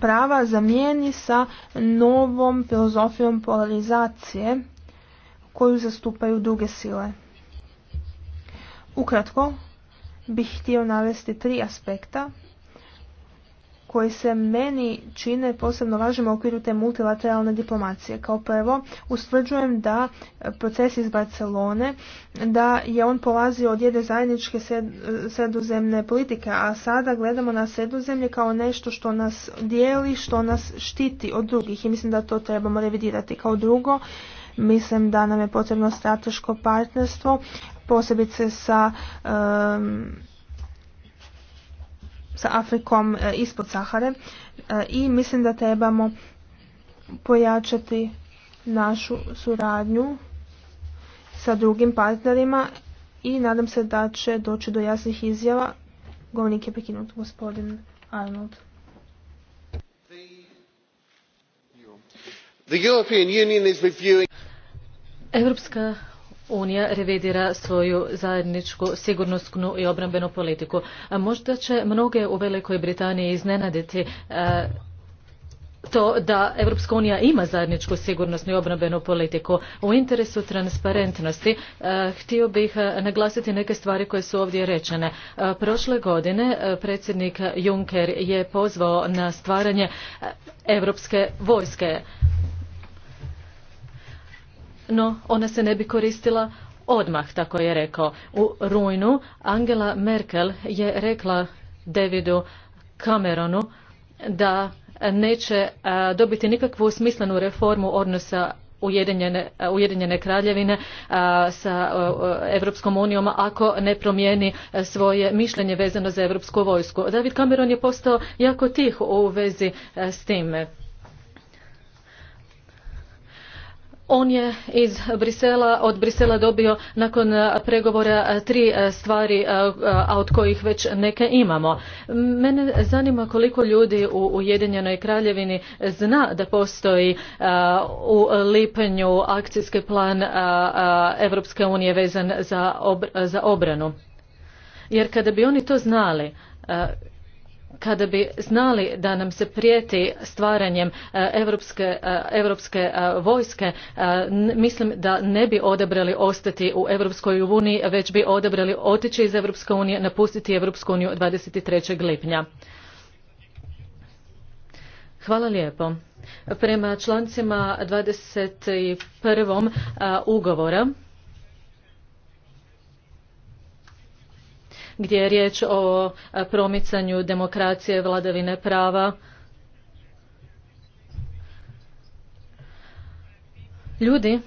prava zamijeni sa novom filozofijom polarizacije koju zastupaju duge sile. Ukratko bih htio navesti tri aspekta koji se meni čine posebno važnim u okviru te multilateralne diplomacije. Kao prvo, ustvrđujem da proces iz Barcelone, da je on polazio od jedne zajedničke sredozemne politike, a sada gledamo na sredozemlje kao nešto što nas dijeli, što nas štiti od drugih i mislim da to trebamo revidirati. Kao drugo, Mislim da nam je potrebno strateško partnerstvo posebice sa sa Afrikom e, ispod Sahare e, i mislim da trebamo pojačati našu suradnju sa drugim partnerima i nadam se da će doći do jasnih izjava. Govornik je prekinut gospodin Arnold. Europska Unija revidira svoju zajedničku sigurnosnu i obrambenu politiku. možda će mnoge u Velikoj Britaniji iznenaditi e, to da Evropska unija ima zajedničku sigurnosnu i obrambenu politiku. U interesu transparentnosti e, htio bih e, naglasiti neke stvari koje su ovdje rečene. prošle godine predsjednik Juncker je pozvao na stvaranje europske vojske no ona se ne bi koristila odmah, tako je rekao. U rujnu Angela Merkel je rekla Davidu Cameronu da neće e, dobiti nikakvu smislenu reformu odnosa Ujedinjene, e, Ujedinjene kraljevine e, sa Europskom unijom ako ne promijeni svoje mišljenje vezano za Europsku vojsku. David Cameron je postao jako tih u vezi s time. on je iz Brisela, od Brisela dobio nakon eh, pregovora eh, tri eh, stvari, a od kojih već neke imamo. Mene zanima koliko ljudi u Ujedinjenoj kraljevini zna da postoji u lipnju akcijski plan Europske unije vezan za obranu. Jer kada bi oni to znali, kada bi znali da nam se prijeti stvaranjem europske, e, e, vojske, e, mislim da ne bi odabrali ostati u Europskoj uniji, već bi odabrali otići iz Europske unije, napustiti Europsku uniju 23. lipnja. Hvala lijepo. Prema člancima 21. ugovora gdje je riječ o e, promicanju demokracije, vladavine prava. Ljudi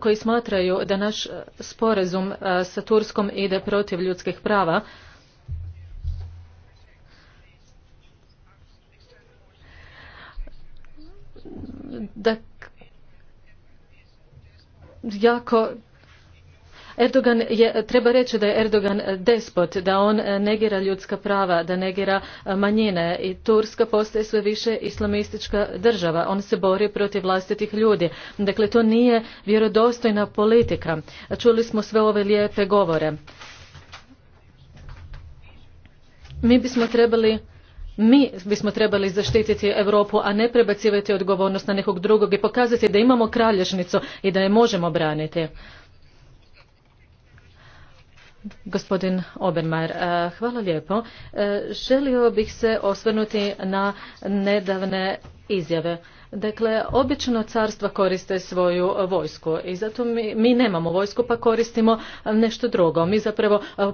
koji smatraju da naš e, sporazum e, sa Turskom ide protiv ljudskih prava, da jako Erdogan je, treba reći da je Erdogan despot, da on negira ljudska prava, da negira e, manjine i Turska postaje sve više islamistička država. On se bori protiv vlastitih ljudi. Dakle, to nije vjerodostojna politika. Čuli smo sve ove lijepe govore. Mi bismo trebali mi bismo trebali zaštititi Europu, a ne prebacivati odgovornost na nekog drugog i pokazati da imamo kralježnicu i da je možemo braniti. Gospodin Obermar, e, hvala lijepo. E, želio bih se osvrnuti na nedavne izjave. Dakle, obično carstva koriste svoju vojsku i zato mi, mi nemamo vojsku pa koristimo nešto drugo. Mi zapravo e,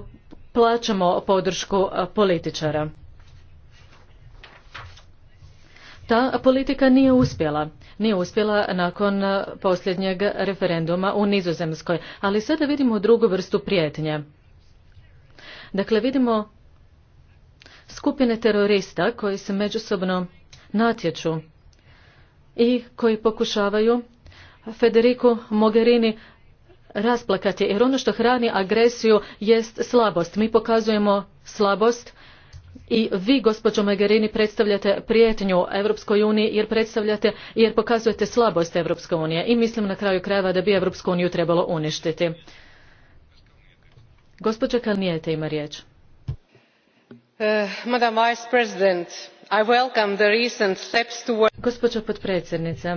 plaćamo podršku političara. Ta politika nije uspjela. Nije uspjela nakon posljednjeg referenduma u Nizozemskoj, ali sada vidimo drugu vrstu prijetnje. Dakle, vidimo skupine terorista koji se međusobno natječu i koji pokušavaju Federico Mogherini rasplakati, jer ono što hrani agresiju jest slabost. Mi pokazujemo slabost i vi, gospođo Mogherini, predstavljate prijetnju Europskoj uniji jer predstavljate, jer pokazujete slabost Europske unije i mislim na kraju krajeva da bi Europsku uniju trebalo uništiti. Gospođa ima eh, Madam Vice President, gospođo potpredsjednice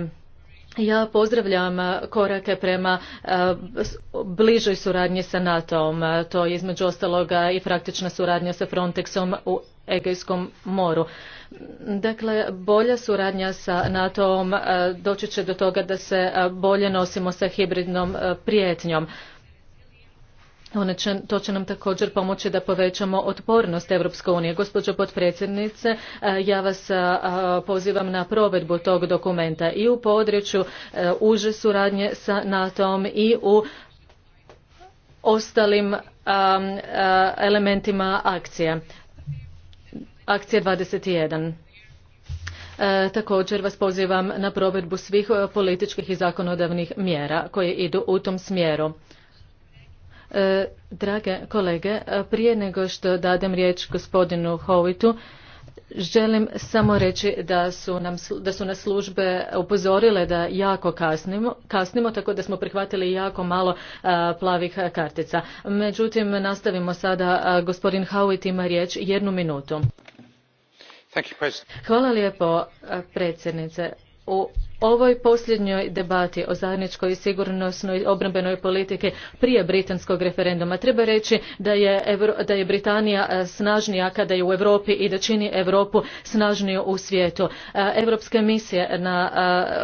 ja pozdravljam eh, korake prema eh, bližoj suradnji sa nato om to je između ostaloga i praktična suradnja sa frontexom u egejskom moru dakle bolja suradnja sa nato om doći će do toga da se bolje nosimo sa hibridnom prijetnjom one to će nam također pomoći da povećamo otpornost Europske unije. Gospođo potpredsjednice, e, ja vas e, pozivam na provedbu tog dokumenta i u području e, uže suradnje sa NATO-om i u ostalim elementima akcije. Akcija 21. Također vas pozivam na provedbu svih političkih i zakonodavnih mjera koje idu u tom smjeru. E, drage kolege, e, prije nego što dadem riječ gospodinu Hovitu, želim samo reći da su, nam, da su nas službe upozorile da jako kasnimo, kasnimo tako da smo prihvatili jako malo e, plavih kartica. Međutim, nastavimo sada. gospodin Howitt ima riječ jednu minutu. Hvala lijepo, predsjednice. U ovoj posljednjoj debati o zajedničkoj sigurnosnoj obrambenoj politike prije britanskog referenduma treba reći da je, Britanija e, snažnija kada je u Europi i da čini Europu snažniju u svijetu. Europske misije na,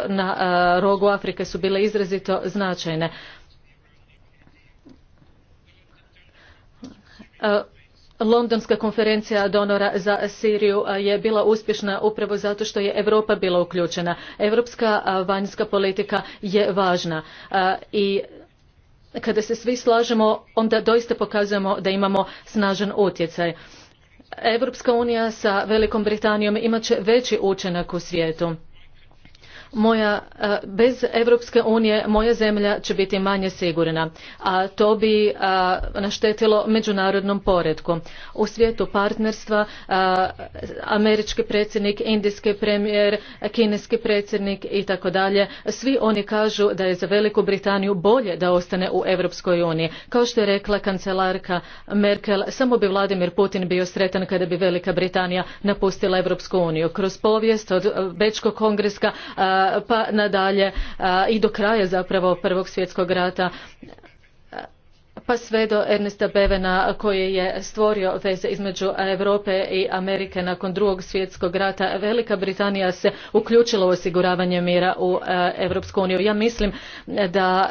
e, na e, rogu Afrike su bile izrazito značajne. Londonska konferencija donora za Siriju je bila uspješna upravo zato što je Europa bila uključena. Europska vanjska politika je važna i kada se svi slažemo onda doista pokazujemo da imamo snažan utjecaj. Europska unija sa Velikom Britanijom imat će veći učinak u svijetu moja, e, bez Europske unije moja zemlja će biti manje sigurna, a to bi e, naštetilo međunarodnom poredku. U svijetu partnerstva e, američki predsjednik, indijski premijer, kineski predsjednik i tako dalje, svi oni kažu da je za Veliku Britaniju bolje da ostane u Europskoj uniji. Kao što je rekla kancelarka Merkel, samo bi Vladimir Putin bio sretan kada bi Velika Britanija napustila Europsku uniju. Kroz povijest od Bečkog kongreska pa nadalje i do kraja zapravo Prvog svjetskog rata pa sve do Ernesta Bevena koji je stvorio veze između Europe i Amerike nakon drugog svjetskog rata. Velika Britanija se uključila u osiguravanje mira u Europsku uniju. Ja mislim da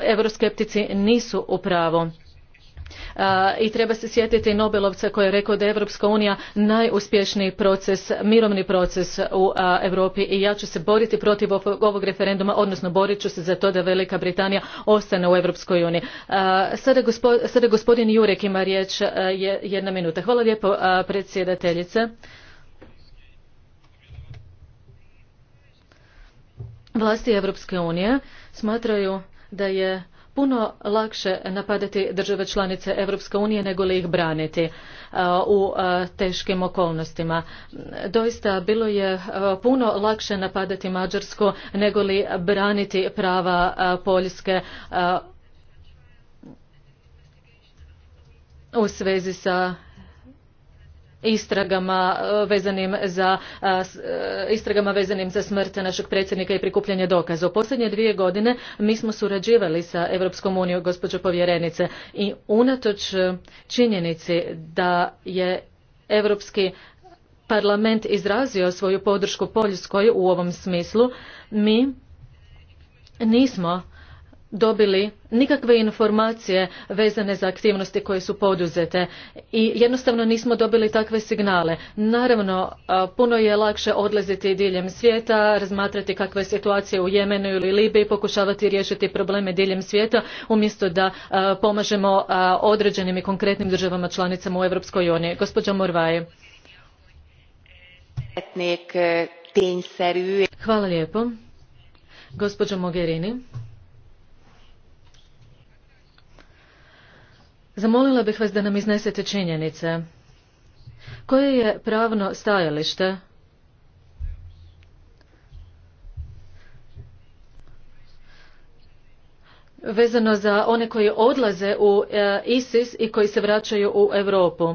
e, euroskeptici nisu u pravu i treba se sjetiti Nobelovca koji je rekao da je Europska unija najuspješniji proces, mirovni proces u Europi i ja ću se boriti protiv ovog referenduma, odnosno borit ću se za to da Velika Britanija ostane u Europskoj uniji. Sada, gospodin Jurek ima riječ jedna minuta. Hvala lijepo predsjedateljice. Vlasti Europske unije smatraju da je puno lakše napadati države članice Europske unije nego li ih braniti e, u e, teškim okolnostima. Doista bilo je e, puno lakše napadati Mađarsku nego li braniti prava Poljske u svezi sa istragama e, vezanim za e, e, istragama vezanim za smrt našeg predsjednika i prikupljanje dokaza. U posljednje dvije godine mi smo surađivali sa Europskom unijom, gospođo povjerenice, i unatoč činjenici da je Europski parlament izrazio svoju podršku Poljskoj u ovom smislu, mi nismo dobili nikakve informacije vezane za aktivnosti koje su poduzete i jednostavno nismo dobili takve signale. Naravno, puno je lakše odlaziti diljem svijeta, razmatrati kakve je situacija u Jemenu ili Libiji, pokušavati riješiti probleme diljem svijeta umjesto da pomažemo određenim i konkretnim državama članicama u Europskoj uniji. Gospođa Morvaje. Hvala lijepo. Gospođo Mogherini. Zamolila bih vas da nam iznesete činjenice. Koje je pravno stajalište vezano za one koji odlaze u e, ISIS i koji se vraćaju u Europu?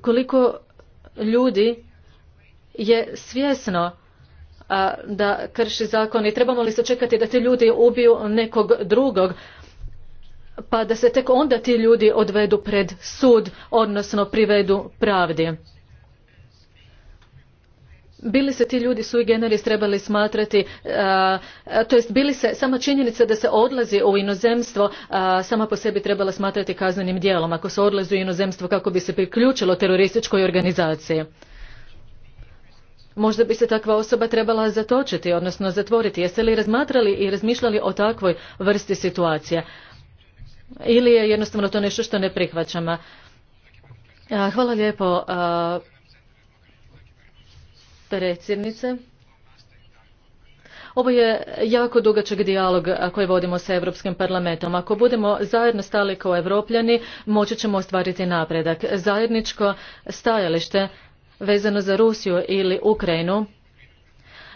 Koliko ljudi je svjesno da krši zakon i trebamo li čekati da ti ljudi ubiju nekog drugog pa da se tek onda ti ljudi odvedu pred sud odnosno privedu pravdi bili se ti ljudi sui generis trebali smatrati to jest bili se sama činjenica da se odlazi u inozemstvo sama po sebi trebala smatrati kaznenim djelom ako se odlazi u inozemstvo kako bi se priključilo terorističkoj organizaciji Možda bi se takva osoba trebala zatočiti, odnosno zatvoriti. Jeste li razmatrali i razmišljali o takvoj vrsti situacije? Ili je jednostavno to nešto što ne prihvaćamo? Hvala lijepo, predsjednice. Ovo je jako dugačak dijalog koji vodimo sa Europskim parlamentom. Ako budemo zajedno stali kao evropljani, moći ćemo ostvariti napredak. Zajedničko stajalište vezano za Rusiju ili Ukrajinu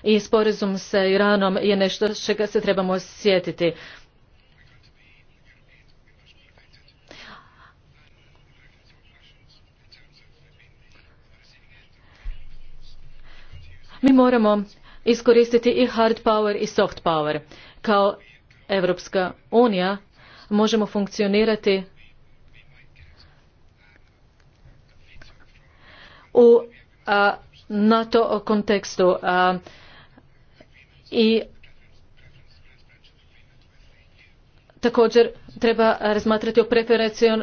i sporazum sa Iranom je nešto čega se trebamo sjetiti. Mi moramo iskoristiti i hard power i soft power. Kao Evropska unija možemo funkcionirati u NATO kontekstu i također treba razmatrati o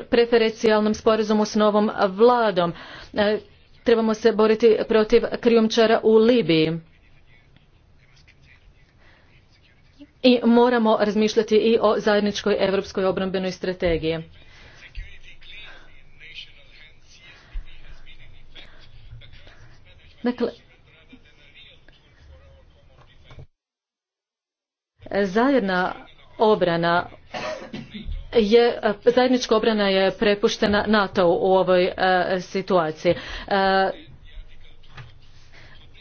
preferencijalnom sporazumu s novom vladom. E, trebamo se boriti protiv krijumčara u Libiji. I moramo razmišljati i o zajedničkoj europskoj obrambenoj strategiji. Dakle, zajedna obrana je, zajednička obrana je prepuštena NATO u ovoj e, situaciji. E,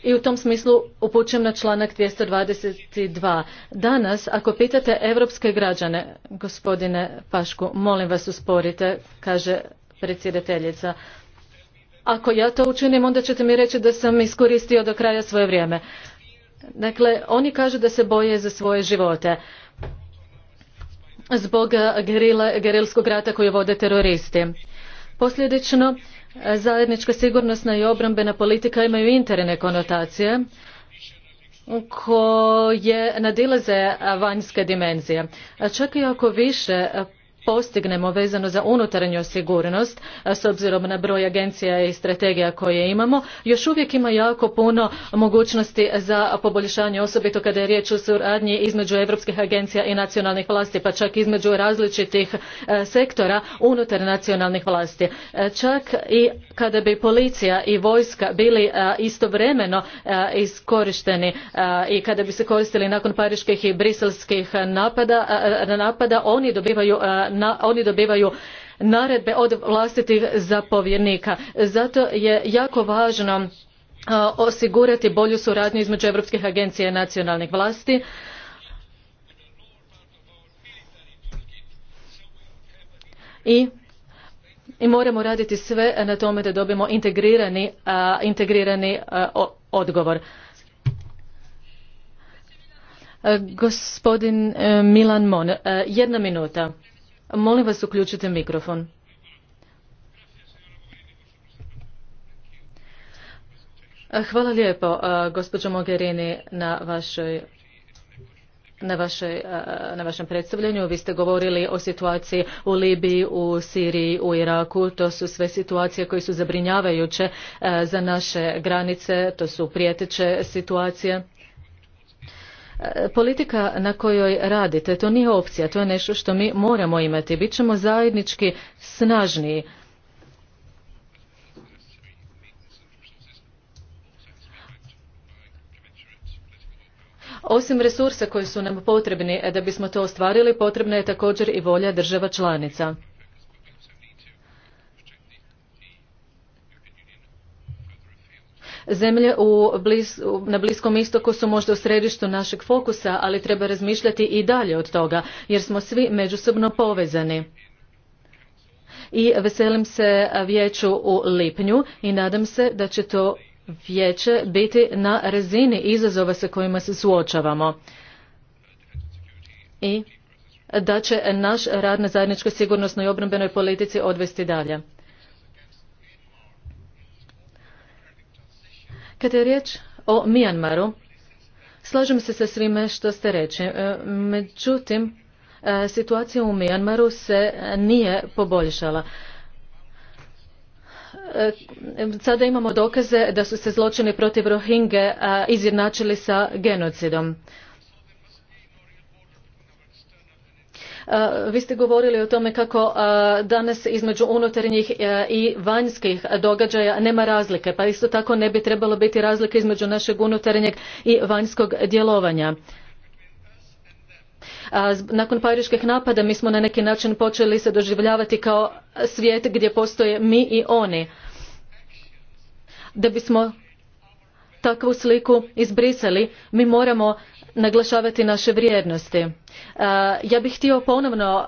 i u tom smislu upućujem na članak 222. Danas, ako pitate evropske građane, gospodine Pašku, molim vas usporite, kaže predsjedateljica, ako ja to učinim, onda ćete mi reći da sam iskoristio do kraja svoje vrijeme. Dakle, oni kažu da se boje za svoje živote zbog eh, gerilskog rata koji vode teroristi. Posljedično, eh, zajednička sigurnosna i obrambena politika imaju interne konotacije koje nadilaze vanjske dimenzije. Čak i ako više postignemo vezano za unutarnju sigurnost s obzirom na broj agencija i strategija koje imamo još uvijek ima jako puno mogućnosti za poboljšanje osobito kada je riječ o suradnji između europskih agencija i nacionalnih vlasti pa čak između različitih e, sektora unutar nacionalnih vlasti e, čak i kada bi policija i vojska bili e, istovremeno iskorišteni i kada bi se koristili nakon pariških i briselskih napada, napada oni dobivaju oni dobivaju naredbe od vlastitih zapovjednika. Zato je jako važno osigurati bolju suradnju između europskih agencija i nacionalnih vlasti. I moramo raditi sve na tome da dobijemo integrirani, integrirani odgovor. gospodin e, Milan Mon, e, jedna minuta. Molim vas uključite mikrofon. Hvala lijepo, gospođo Mogherini, na vašoj na, na vašem predstavljanju. Vi ste govorili o situaciji u Libiji, u Siriji, u Iraku. To su sve situacije koje su zabrinjavajuće za naše granice. To su prijeteće situacije. Politika na kojoj radite, to nije opcija, to je nešto što mi moramo imati. Bićemo zajednički snažniji. Osim resursa koji su nam potrebni e, da bismo to ostvarili, potrebna je također i volja država članica. Zemlje na Bliskom istoku su možda u središtu našeg fokusa, ali treba razmišljati i dalje od toga, jer smo svi međusobno povezani. I veselim se vijeću u lipnju i nadam se da će to vijeće biti na razini izazova sa kojima se suočavamo. I da će naš rad na zajedničkoj sigurnosnoj i obrambenoj politici odvesti dalje. Kada je riječ o Mijanmaru, slažem se sa svime što ste reći. E, međutim, e, situacija u Mijanmaru se nije poboljšala. E, sada imamo dokaze da su se zločini protiv Rohinge izjednačili sa genocidom. Vi ste govorili o tome kako danas između unutarnjih e, i vanjskih događaja nema razlike, pa isto tako ne bi trebalo biti razlike između našeg unutarnjeg i vanjskog djelovanja. Nakon pariških napada mi smo na neki način počeli se doživljavati kao svijet gdje postoje mi i oni. Da bismo takvu sliku izbrisali, mi moramo naglašavati naše vrijednosti. Ja bih htio ponovno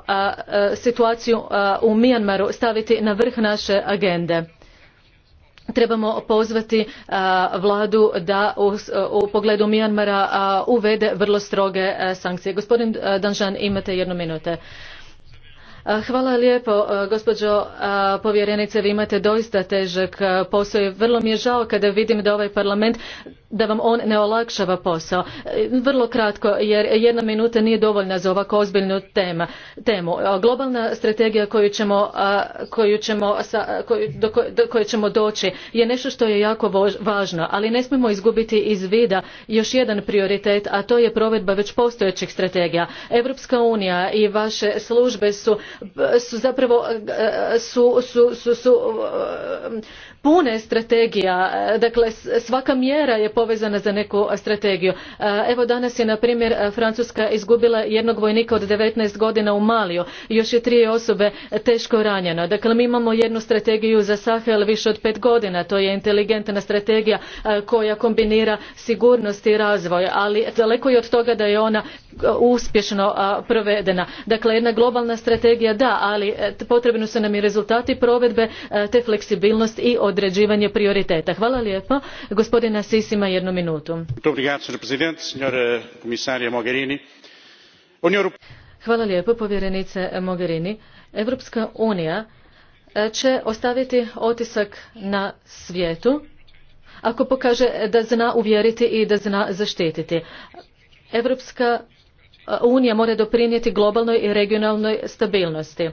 situaciju u Mijanmaru staviti na vrh naše agende. Trebamo pozvati vladu da u pogledu Mijanmara uvede vrlo stroge sankcije. Gospodin Danžan, imate jednu minutu. Hvala lijepo, gospođo povjerenice, vi imate doista težak posao i vrlo mi je žao kada vidim da ovaj parlament, da vam on ne olakšava posao. E, vrlo kratko, jer jedna minuta nije dovoljna za ovako ozbiljnu temu. Globalna strategija koju ćemo, koju ćemo, do koje ćemo doći je nešto što je jako važno, ali ne smijemo izgubiti iz vida još jedan prioritet, a to je provedba već postojećih strategija. Europska unija i vaše službe su su zapravo e, e, su, su, su, su pune strategija e, dakle svaka mjera je povezana za neku strategiju e, evo danas je na primjer francuska izgubila jednog vojnika od 19 godina u maliju još je tri osobe teško ranjeno dakle mi imamo jednu strategiju za sahel više od pet godina to je inteligentna strategija e, koja kombinira sigurnost i razvoj ali daleko je od toga da je ona uspješno provedena dakle jedna globalna strategija da ali potrebni su nam i rezultati provedbe te fleksibilnost i određivanje prioriteta. Hvala lijepo. Gospodina Sisima jednu minutu. Hvala lijepo povjerenice Mogherini. Europska unija e, će ostaviti otisak na svijetu ako pokaže da zna uvjeriti i da zna zaštititi. Europska e, unija mora doprinijeti globalnoj i regionalnoj stabilnosti.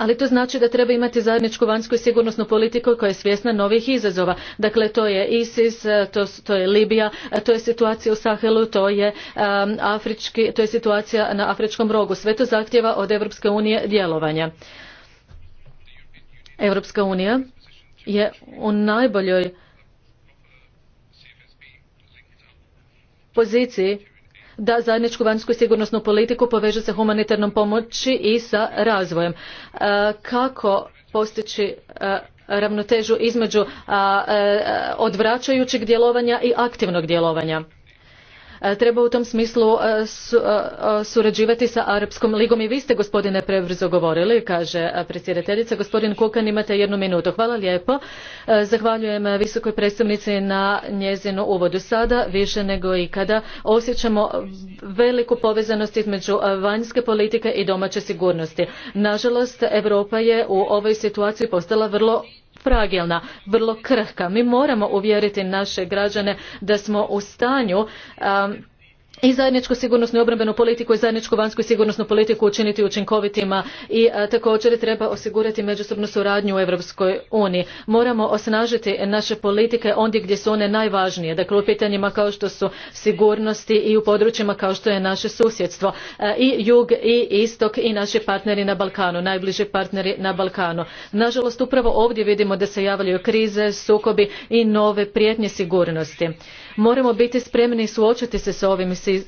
ali to znači da treba imati zajedničku vanjsku i sigurnosnu politiku koja je svjesna novih izazova. Dakle, to je ISIS, e, to, je Libija, e, to je situacija u Sahelu, to je, Afrički, to je situacija na Afričkom rogu. Sve to zahtjeva od Europske unije djelovanja. Europska unija je u najboljoj poziciji da zajedničku vanjsku i sigurnosnu politiku poveže sa humanitarnom pomoći i sa razvojem. E, kako postići e, ravnotežu između e, odvraćajućeg djelovanja i aktivnog djelovanja? E, treba u tom smislu e, e, surađivati sa Arapskom ligom i vi ste gospodine prebrzo govorili, kaže predsjedateljica. Gospodin Kukan imate jednu minutu. Hvala lijepo. Zahvaljujem visokoj predstavnici na njezinu uvodu. Sada više nego ikada osjećamo veliku povezanost između vanjske politike i domaće sigurnosti. Nažalost, Europa je u ovoj situaciji postala vrlo fragilna, vrlo krhka. Mi moramo uvjeriti naše građane da smo u stanju i zajedničku sigurnosnu i obrambenu politiku i zajedničku vanjsku i sigurnosnu politiku učiniti učinkovitima i e, također treba osigurati međusobnu suradnju u Europskoj uniji. Moramo osnažiti naše politike ondje gdje su one najvažnije, dakle u pitanjima kao što su sigurnosti i u područjima kao što je naše susjedstvo e, i jug i istok i naši partneri na Balkanu, najbliži partneri na Balkanu. Nažalost upravo ovdje vidimo da se javljaju krize, sukobi i nove prijetnje sigurnosti moramo biti spremni suočiti se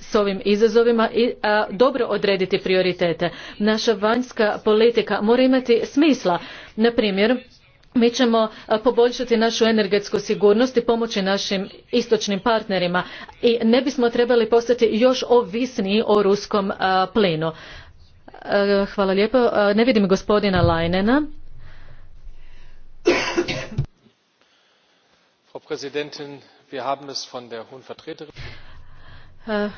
s ovim, izazovima i dobro odrediti prioritete naša vanjska politika mora imati smisla na primjer mi ćemo poboljšati našu energetsku sigurnost i pomoći našim istočnim partnerima i ne bismo trebali postati još ovisniji o ruskom plinu. hvala lijepo. ne vidim gospodina Lajnena wir haben es von der hohen vertreterin äh,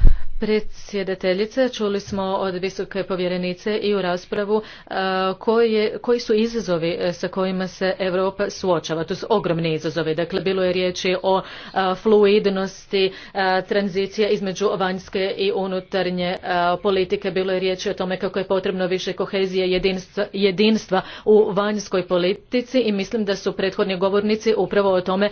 Predsjedateljice, čuli smo od visoke povjerenice i u raspravu e, koji su izazovi e, sa kojima se Europa suočava. To su ogromni izazovi. Dakle, bilo je riječi o e, fluidnosti, tranzicija između vanjske i unutarnje politike. Bilo je riječi o tome kako je potrebno više kohezije jedinstva, jedinstva u vanjskoj politici i mislim da su prethodni govornici upravo o tome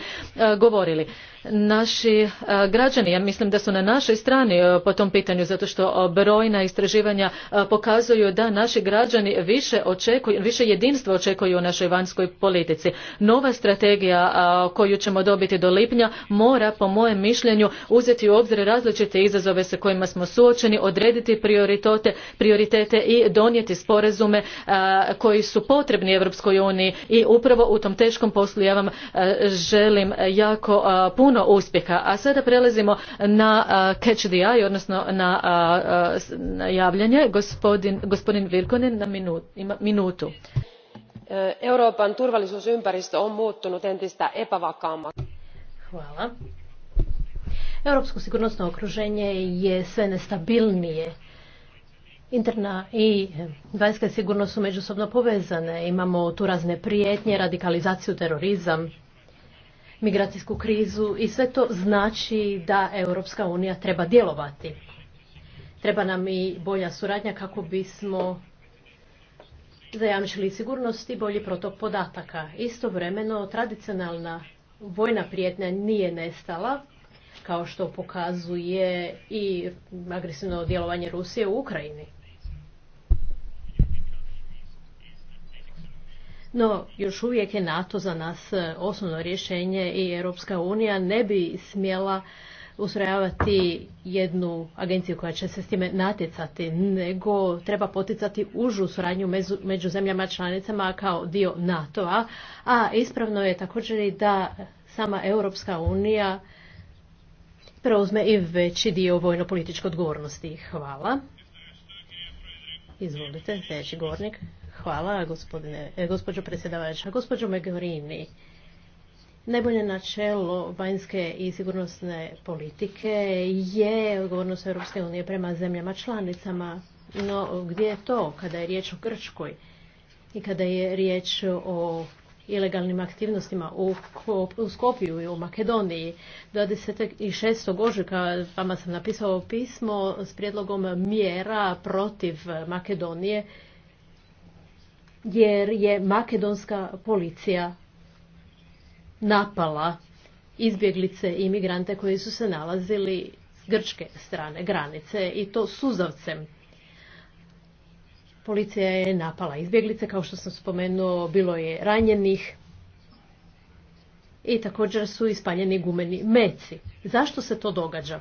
govorili. Naši građani, ja mislim da su na našoj strani tom pitanju zato što brojna istraživanja pokazuju da naši građani više očekuju, više jedinstva očekuju u našoj vanjskoj politici. Nova strategija koju ćemo dobiti do lipnja mora po mojem mišljenju uzeti u obzir različite izazove sa kojima smo suočeni, odrediti prioritete, prioritete i donijeti sporazume koji su potrebni Europskoj uniji i upravo u tom teškom poslu ja vam želim jako puno uspjeha. A sada prelazimo na catch the eye, odnosno odnosno na, javljanje. Gospodin, gospodin na minutu. E, Euroopan on muuttunut entistä epävakaammaksi. Europsko sigurnosno okruženje je sve nestabilnije. Interna i vanjska sigurnost su međusobno povezane. Imamo tu razne prijetnje, radikalizaciju, terorizam migracijsku krizu i sve to znači da Europska unija treba djelovati. Treba nam i bolja suradnja kako bismo zajamčili sigurnost i bolji protok podataka. Istovremeno, tradicionalna vojna prijetnja nije nestala, kao što pokazuje i agresivno djelovanje Rusije u Ukrajini. No, još uvijek je NATO za nas e, osnovno rješenje i Europska unija ne bi smjela ustrojavati jednu agenciju koja će se s time natjecati, nego treba poticati užu suradnju među, među zemljama članicama kao dio NATO-a, a ispravno je također i da sama Europska unija preuzme i veći dio vojno-političke odgovornosti. Hvala. Izvolite, sljedeći govornik. Hvala, gospodine, e, gospođo predsjedavajuća. Gospođo Megorini, najbolje načelo vanjske i sigurnosne politike je odgovornost Europske unije prema zemljama članicama. No, gdje je to kada je riječ o Grčkoj i kada je riječ o ilegalnim aktivnostima u, u Skopiju i u Makedoniji. 26. ožujka vama sam napisao pismo s prijedlogom mjera protiv Makedonije jer je makedonska policija napala izbjeglice i imigrante koji su se nalazili s grčke strane granice i to suzavcem. Policija je napala izbjeglice, kao što sam spomenuo, bilo je ranjenih i također su ispaljeni gumeni meci. Zašto se to događa?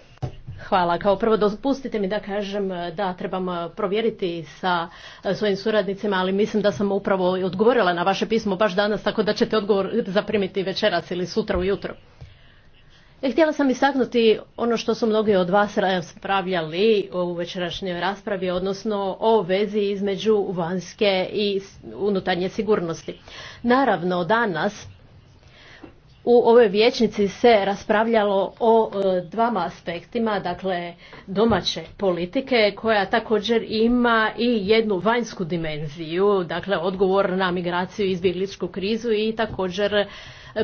Hvala. Kao prvo dopustite mi da kažem e, da trebam e, provjeriti sa e, svojim suradnicima, ali mislim da sam upravo odgovorila na vaše pismo baš danas, tako da ćete odgovor zaprimiti večeras ili sutra ujutro. Htjela sam istaknuti ono što su mnogi od vas raspravljali u večerašnjoj raspravi, odnosno o vezi između vanjske i unutarnje sigurnosti. Naravno, danas u ovoj vijećnici se raspravljalo o e, dvama aspektima, dakle domaće politike koja također ima i jednu vanjsku dimenziju, dakle odgovor na migraciju i izbjegličku krizu i također e,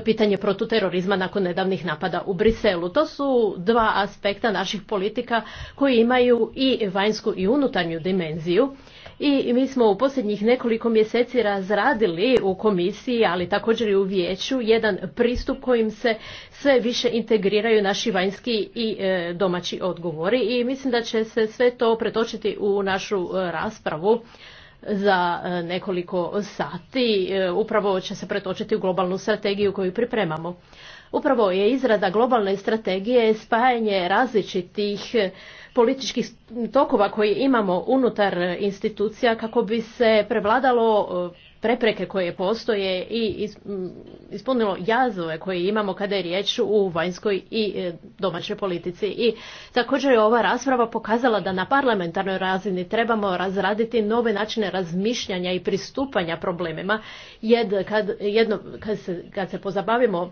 pitanje protuterorizma nakon nedavnih napada u Briselu. To su dva aspekta naših politika koji imaju i vanjsku i unutarnju dimenziju i mi smo u posljednjih nekoliko mjeseci razradili u komisiji, ali također i u vijeću, jedan pristup kojim se sve više integriraju naši vanjski i e, domaći odgovori i mislim da će se sve to pretočiti u našu e, raspravu za e, nekoliko sati upravo će se pretočiti u globalnu strategiju koju pripremamo. Upravo je izrada globalne strategije spajanje različitih e, političkih tokova koje imamo unutar institucija kako bi se prevladalo e, prepreke koje postoje i ispunilo jazove koje imamo kada je riječ u vanjskoj i e, domaćoj politici. I također je ova rasprava pokazala da na parlamentarnoj razini trebamo razraditi nove načine razmišljanja i pristupanja problemima. Jedno, kad, jedno, kad, se, kad se pozabavimo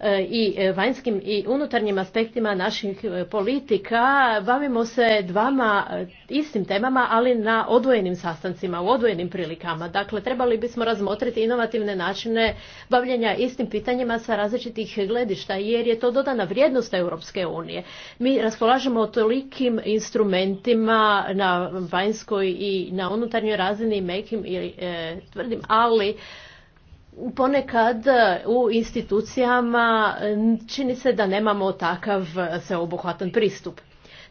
E, i e, vanjskim i unutarnjim aspektima naših e, politika. Bavimo se dvama istim temama, ali na odvojenim sastancima, u odvojenim prilikama. Dakle, trebali bismo razmotriti inovativne načine bavljenja istim pitanjima sa različitih gledišta, jer je to dodana vrijednost Europske unije. Mi raspolažemo tolikim instrumentima na vanjskoj i na unutarnjoj razini, mekim ili tvrdim, ali ponekad e, u institucijama čini se da nemamo takav e, sveobuhvatan pristup.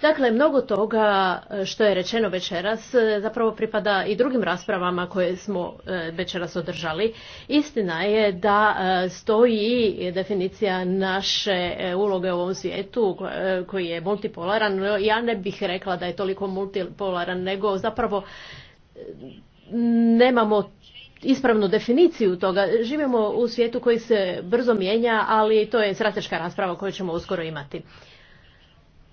Dakle, mnogo toga e, što je rečeno večeras zapravo pripada i drugim raspravama koje smo večeras održali. Istina je da stoji definicija naše uloge u ovom svijetu koji je multipolaran. Ja ne bih rekla da je toliko multipolaran, nego zapravo nemamo ispravnu definiciju toga. Živimo u svijetu koji se brzo mijenja, ali to je strateška rasprava koju ćemo uskoro imati.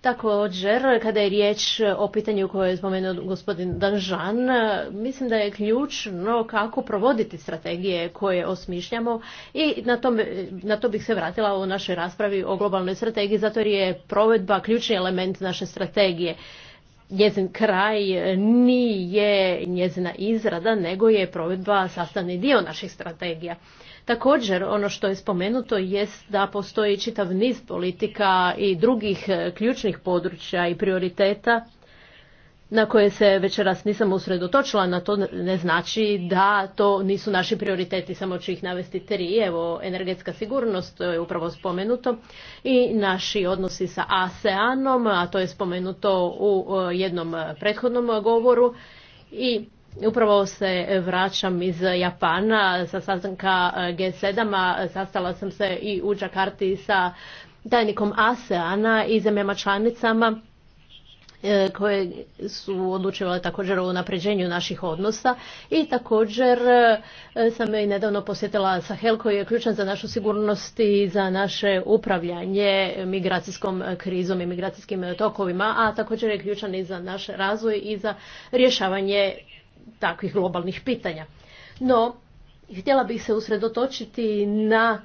Također, kada je riječ o pitanju koje je spomenuo gospodin Danžan, mislim da je ključno kako provoditi strategije koje osmišljamo i na, na to bih se vratila u našoj raspravi o globalnoj strategiji, zato jer je provedba ključni element naše strategije njezin kraj e, nije njezina izrada, nego je provedba sastavni dio naših strategija. Također, ono što je spomenuto jest da postoji čitav niz politika i drugih e, ključnih područja i prioriteta na koje se večeras nisam usredotočila, na to ne znači da to nisu naši prioriteti, samo ću ih navesti tri. Evo, energetska sigurnost, to je upravo spomenuto, i naši odnosi sa ASEANom, a to je spomenuto u e, jednom prethodnom govoru, i Upravo se vraćam iz Japana sa sastanka e, G7, -a. sastala sam se i u Đakarti sa tajnikom ASEANA i zemljama članicama E, koje su odlučivale također o napređenju naših odnosa i također e, sam i nedavno posjetila Sahel koji je ključan za našu sigurnost i za naše upravljanje migracijskom krizom i migracijskim tokovima, a također je ključan i za naš razvoj i za rješavanje takvih globalnih pitanja. No, htjela bih se usredotočiti na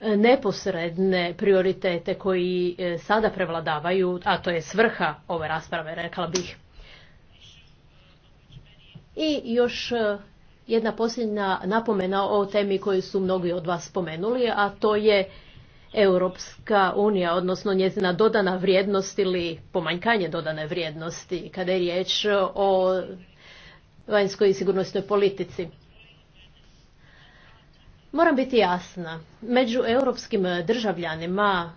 E, neposredne prioritete koji e, sada prevladavaju, a to je svrha ove rasprave, rekla bih. I još e, jedna posljednja napomena o temi koju su mnogi od vas spomenuli, a to je Europska unija, odnosno njezina dodana vrijednost ili pomanjkanje dodane vrijednosti kada je riječ o vanjskoj i sigurnosnoj politici. Moram biti jasna, među europskim e, državljanima,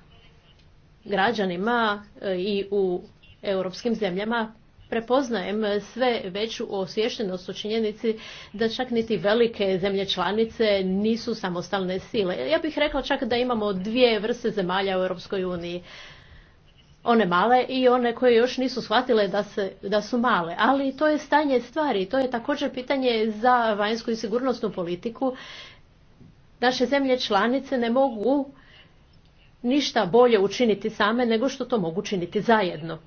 građanima e, i u europskim zemljama prepoznajem e, sve veću osviještenost u činjenici da čak niti velike zemlje članice nisu samostalne sile. Ja bih rekla čak da imamo dvije vrste zemalja u Europskoj uniji. One male i one koje još nisu shvatile da, se, da su male. Ali to je stanje stvari. To je također pitanje za vanjsku i sigurnosnu politiku naše zemlje članice ne mogu ništa bolje učiniti same nego što to mogu učiniti zajedno.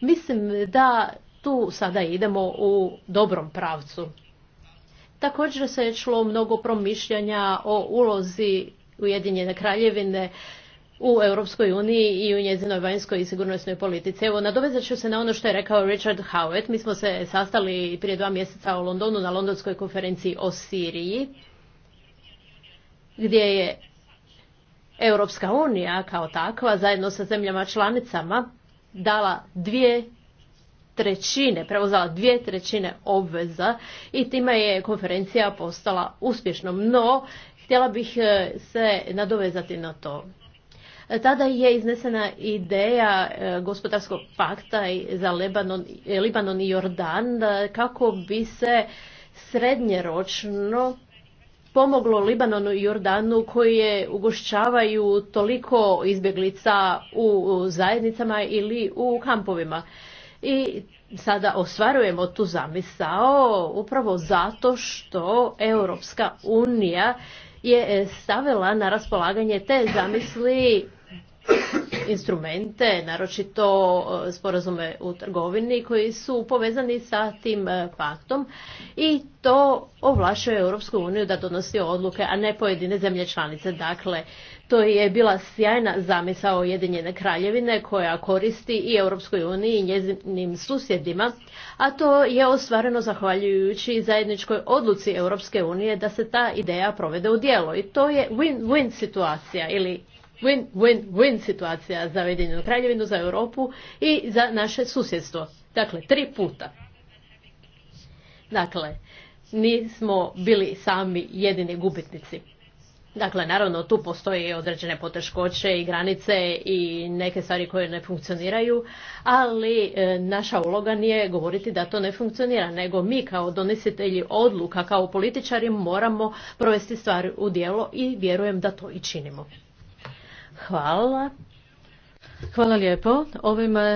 Mislim da tu sada idemo u dobrom pravcu. Također se je člo mnogo promišljanja o ulozi Ujedinjene kraljevine u Europskoj uniji i u njezinoj vanjskoj i sigurnosnoj politici. Evo, nadovezat ću se na ono što je rekao Richard Howitt. Mi smo se sastali prije dva mjeseca u Londonu na londonskoj konferenciji o Siriji gdje je Europska unija kao takva zajedno sa zemljama članicama dala dvije trećine, preuzela dvije trećine obveza i time je konferencija postala uspješnom. No, htjela bih e, se nadovezati na to. E, tada je iznesena ideja e, gospodarskog pakta za Libanon, Libanon i Jordan kako bi se srednjeročno pomoglo Libanonu i Jordanu je ugošćavaju toliko izbjeglica u zajednicama ili u kampovima. I sada ostvarujemo tu zamisao upravo zato što Europska unija je stavila na raspolaganje te zamisli instrumente, naročito e, sporazume u trgovini koji su povezani sa tim e, paktom i to ovlašuje Europsku uniju da donosi odluke, a ne pojedine zemlje članice. Dakle, to je bila sjajna zamisao Jedinjene kraljevine koja koristi i Europskoj uniji i njezinim susjedima, a to je ostvareno zahvaljujući zajedničkoj odluci Europske unije da se ta ideja provede u djelo. I to je win-win situacija ili win-win-win situacija za Ujedinjenu kraljevinu, za Europu i za naše susjedstvo. Dakle, tri puta. Dakle, nismo bili sami jedini gubitnici. Dakle, naravno, tu postoje određene poteškoće i granice i neke stvari koje ne funkcioniraju, ali e, naša uloga nije govoriti da to ne funkcionira, nego mi kao donesitelji odluka, kao političari moramo provesti stvari u djelo i vjerujem da to i činimo. Hvala. Hvala lijepo. Ovime